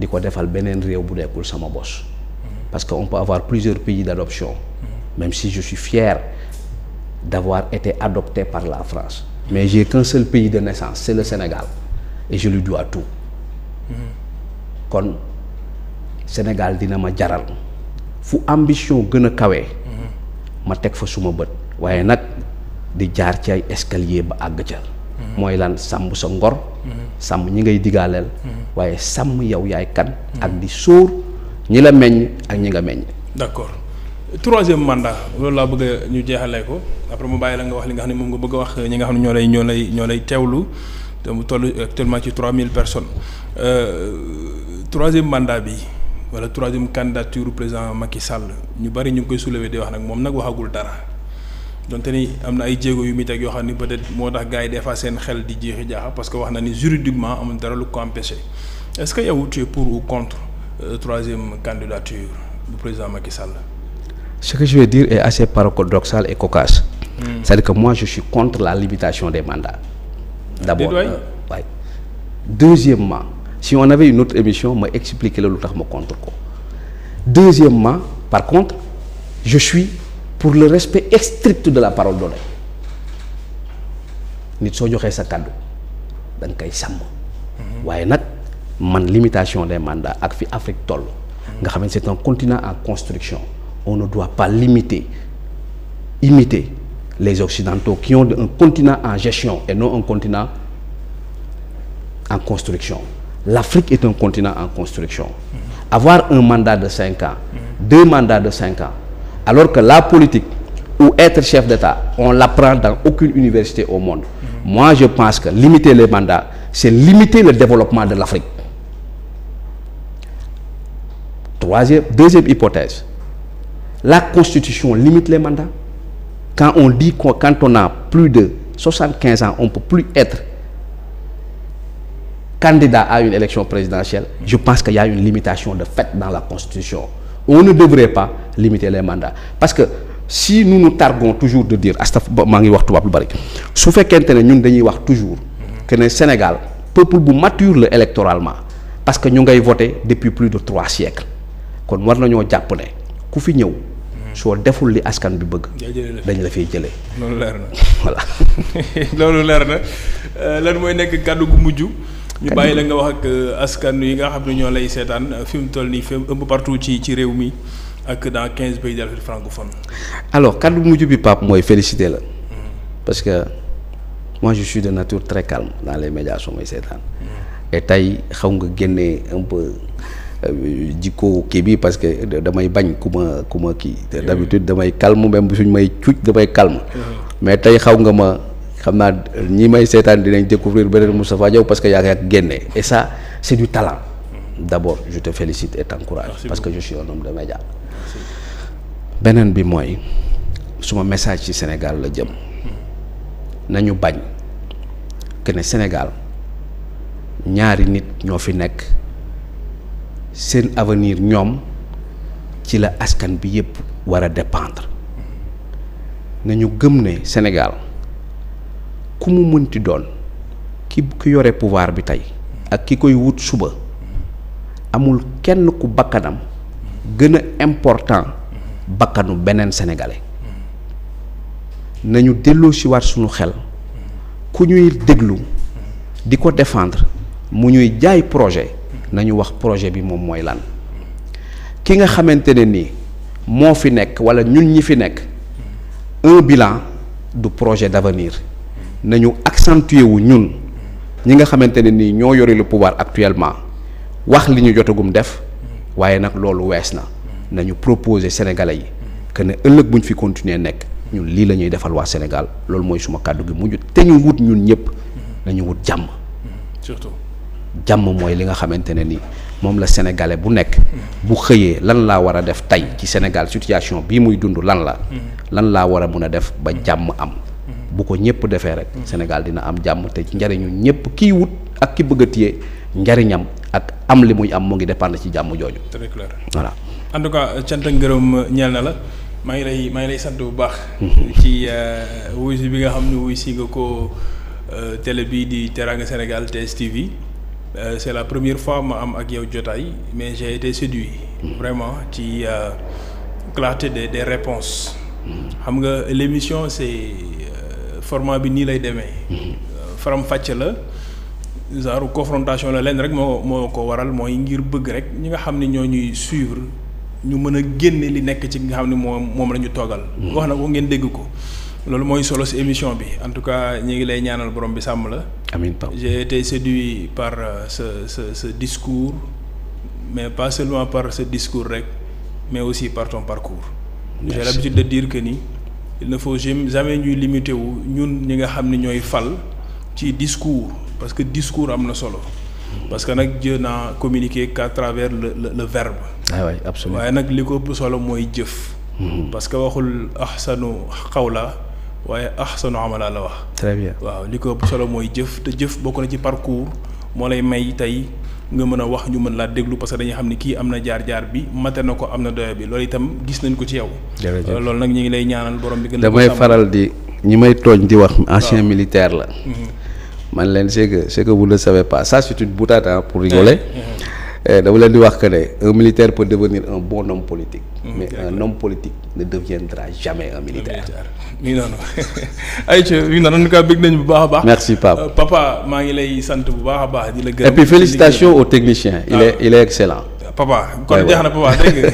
di quoi defal benen réew bu nekkul sama bos parce qu'on peut avoir plusieurs pays d'adoption même si je suis fier d'avoir été adopté par la France mais j'ai qu'un seul pays de naissance c'est le Sénégal et je lui dois tout kon Sénégal dina ma jaral fu ambition gën kawe ma teg fa suma de di ci ay escalier ba mooy lan sàmm sa ngor sàmm ñi ngay digaaleel waaye sàmm yow yaay kan ak di sóor ñi la meññ ak ñi nga meññ d'accord troisième mandat loolu laa bëgg a ñu jeexalee ko après mu bàyyi la nga wax li nga xam ne moom nga bëgg wax ñi nga xam ne ñoo lay ñoo lay ñoo lay teewlu te mu toll actuellement ci 3000 personnes euh, troisième mandat bi wala troisième candidature président Macky Sall ñu bari ñu ngi koy soulever di wax nag moom nag waxagul dara donte ni am na ay jéego yu muy teg yoo xam peut-être moo tax gars yi des fois seen xel di jaaxa parce que wax na ni juridiquement amul dara lu ko empêché est-ce que yow tu es pour ou contre la euh, troisième candidature du président Macky Sall. ce que je vais dire est assez paradoxal et cocasse. Hmm. c'est-à-dire que moi je suis contre la limitation des mandats. d'abord euh, deuxièmement si on avait une autre émission ma expliquer le lu tax ma contre ko deuxièmement par contre je suis pour le respect strict de la parole donnée nit soo sa cadeau. Mhm. limitation des mandats c'est un continent en construction on ne doit pas limiter imiter les occidentaux qui ont un continent en gestion et non un continent en construction l'Afrique est un continent en construction. Mhm. avoir un mandat de 5 ans. Mhm. deux mandats de 5 ans. Alors que la politique ou être chef d'État, on l'apprend dans aucune université au monde. Moi, je pense que limiter les mandats, c'est limiter le développement de l'Afrique. Troisième, deuxième hypothèse, la Constitution limite les mandats. Quand on dit que quand on a plus de 75 ans, on ne peut plus être candidat à une élection présidentielle, je pense qu'il y a une limitation de fait dans la Constitution on ne devrait pas limiter les mandats parce que si nous nous targuons toujours de dire astaf maa ngi wax tubaab bari su fekkente ne ñun dañuy wax toujours que le Sénégal peuple bu mature électoralement parce que ñu ngay voté depuis plus de trois siècles kon war nañoo jàpp ne ku fi ñëw. soo deful li askan bi bëgg. dañ la fiy jëlé lolu leer na voilà. lolu leer na euh, lan moy nekk cadeau gu muju ñu bàyyi la nga wax ak euh, askan yi nga xam ne ñoo lay seetaan euh, fi mu toll nii fépp ëmb partout ci ci réew mi ak dans quinze pays d'Afrique francophone. alors kaddu mujj bi Pape mooy félicité la. Mm-hmm. parce que moi je suis de nature très calme dans les médias su may seetaan. Mm-hmm. et tey xaw nga génnee un peu euh, jikko kii bi parce que damay bañ ku ma ku ma kii. d'habitude damay calme même suñ may cuuc damay calme. Mm-hmm. mais tey xaw nga ma xam ñi may seetaan dinañ découvrir beneen Moustapha Diaw parce que yaa ngi génne et ça c'est du talent d'abord je te félicite et t'encourage parce que je suis un homme de média. beneen bi mooy suma message ci Sénégal la jëm nañu bañ que ne Sénégal ñaari nit ñoo fi nekk seen avenir ñoom ci la askan bi yépp war a dépendre nañu gëm ne Sénégal ku mu mënti doon ki ki yore pouvoir bi tey ak ki koy wut suba amul kenn ku bakkanam gën a important bakkanu beneen sénégalais nañu delloo si waat suñu xel ku ñuy déglu di ko defendre mu ñuy jaay projet nañu wax projet bi moom mooy lan ki nga xamante ne nii moo fi nekk walla ñun ñi fi nekk un bilan du projet d'avenir nañu accentuer wu ñun ñi nga xamantene ni nii ñoo yore le pouvoir actuellement wax li ñu jotagum def waaye nak lolu wess na nañu proposer sénégalais yi que ne ëllëg buñ fi continuer nek ñun li lañuy ñuy defal waa Sénégal lolu moy suma kàddu gi mujj te ñu wut ñun ñëpp lañu wut jamm surtout jamm moy li nga xamantene ni mom la sénégalais bu nek bu xëyee lan la wara def tay ci Sénégal situation bi muy dund lan la. Mm-hmm. lan la wara mëna def ba jamm am bu ko ñëpp defee rek. Sénégal dina am jàmm te njariñu ñëpp kii wut ak ki bëgg a ak am li muy am mu ngi dépendre ci jàmm jooju. très clair voilà. en tout cas cant ak ngërëm ñeel na la. maa ngi lay maa ngi lay sant bu mhm. ci euh, wuyu si bi nga xamni ne wuyu si nga ko euh, télé bi di Teranga Sénégal TV. Euh, c'est la première fois ma am ak yow jotaay mais j'ai été séduit. Mhm. vraiment ci clarté des des réponses. Mhm. xam nga l'émission c'est format bi nii lay demee. Mhm. Euh, faram fàcce la genre confrontation la leen rek moo moo ko waral mooy ngir bëgg rek ñi nga xam ne ñoo ñuy suivre ñu mën a génne li nekk ci nga xam ne moom moom toogal. Mhm. wax na ko ngeen dégg ko. loolu mooy solo si émission bi en tout cas ñu ngi lay ñaanal borom bi sàmm la. amiin Pape j'ai été séduit par euh, ce ce ce discours mais pas seulement par ce discours rek mais aussi par ton parcours. j'ai l'habitude de dire que ni il ne faut jamais ñuy limiter wu ñun ñi nga xam ne fal ci discours parce que discours amna solo parce que nak Dieu n'a communiquer qu'à travers le le, le verbe. Ah ouais absolument waaye nak liko solo moy jëf. Hmm. parce que waxul ahsanu qawla waaye ahsanu amala la wax. très bien waaw liko solo moy jëf te jëf bokk na ci parcours mo lay may tay nga mën a wax ñu mën laa déglu parce que dañuy xam ne kii am na jaar-jaar bi mate na ko am na doyo bi loolu itam gis nañ ko ci yow. Euh, loolu nag ñu ngi lay ñaanal borom bi. gën damay faral di ñi may tooñ di wax. ancien militaire la. Mm-hmm. man leen c'est que c'est que vous ne savez pas ça c'est une pour rigoler. Eh, eh, eh. Eh, un militaire peut devenir un bon homme politique. Mm-hmm. mais un homme politique ne deviendra jamais un militaire. merci euh, papa. papa je et puis félicitations aux techniciens. Ah. il est excellent. papa kon a na papa dégg nga.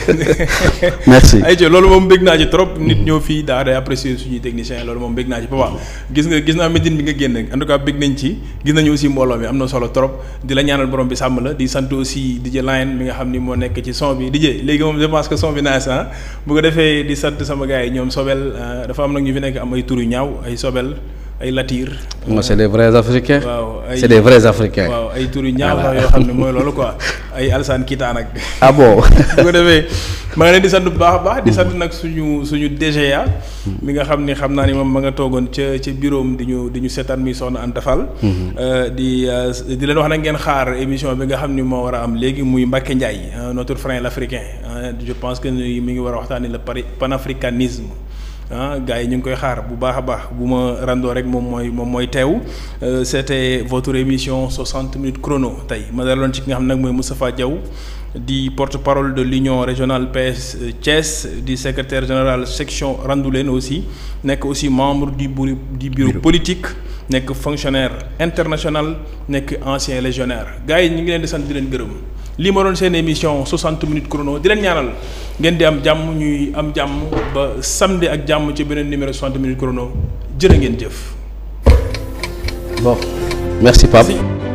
merci ayca loolu moom bég naa ci trop. nit ñëw fii daa day apprécier suñuy techniciens loolu moom bégg naa ci papa. gis nga gis naa médine bi nga génn en tout cas bégg nañ ci gis nañu aussi mbooloo mi am na solo trop di la ñaanal borom bi sàmm la di sant aussi DJ Lion mi nga xam ni moo nekk ci son bi DJ léegi moom je pense que son bi naa si bu ko defee di sant sama gars yi ñoom Sobel euh, dafa am nag ñu fi nekk am ay tur yu ñaaw ay Sobel. ay Latir. non des vrais africains. waaw ay c' est waaw ay tur yu ñaaw sax yoo xam ne mooy loolu quoi ay alsaan kitaan ak. ah bon. bu defee maa ngi leen di sant bu baax baax. di sant mm-hmm. nag suñu suñu DGA. Mm-hmm. mi nga xam ni xam naa ni moom ma nga toogoon ca ca bureau am di ñu di ñu seetaan muy soxna Anta Fall. Mm-hmm. Euh, di euh, di leen wax na ngeen xaar émission bi nga xam ni moo war a am léegi muy Mbacke Ndiaye notre frère l'africain je pense que mi ngi war a waxtaanee le panafricanisme. Ah, gars koy xaar bu baax baax bu rek euh, c'était votre émission 60 minutes chrono tey ma daloon ci ki nga xam Diaw di porte-parole de l'union régionale PS Thiès di secrétaire général section Randoulène aussi nekk aussi membre du bureau du bureau politique fonctionnaire international nekk ancien légionnaire gars yi ñu ngi di sant di li ma doon seen émission 60 minutes chrono di leen ñaanal ngeen di am jàmm ñuy am jàmm ba samedi ak jàmm ci beneen numéro 60 minutes chrono jërë ngeen jëf. bon merci Pape.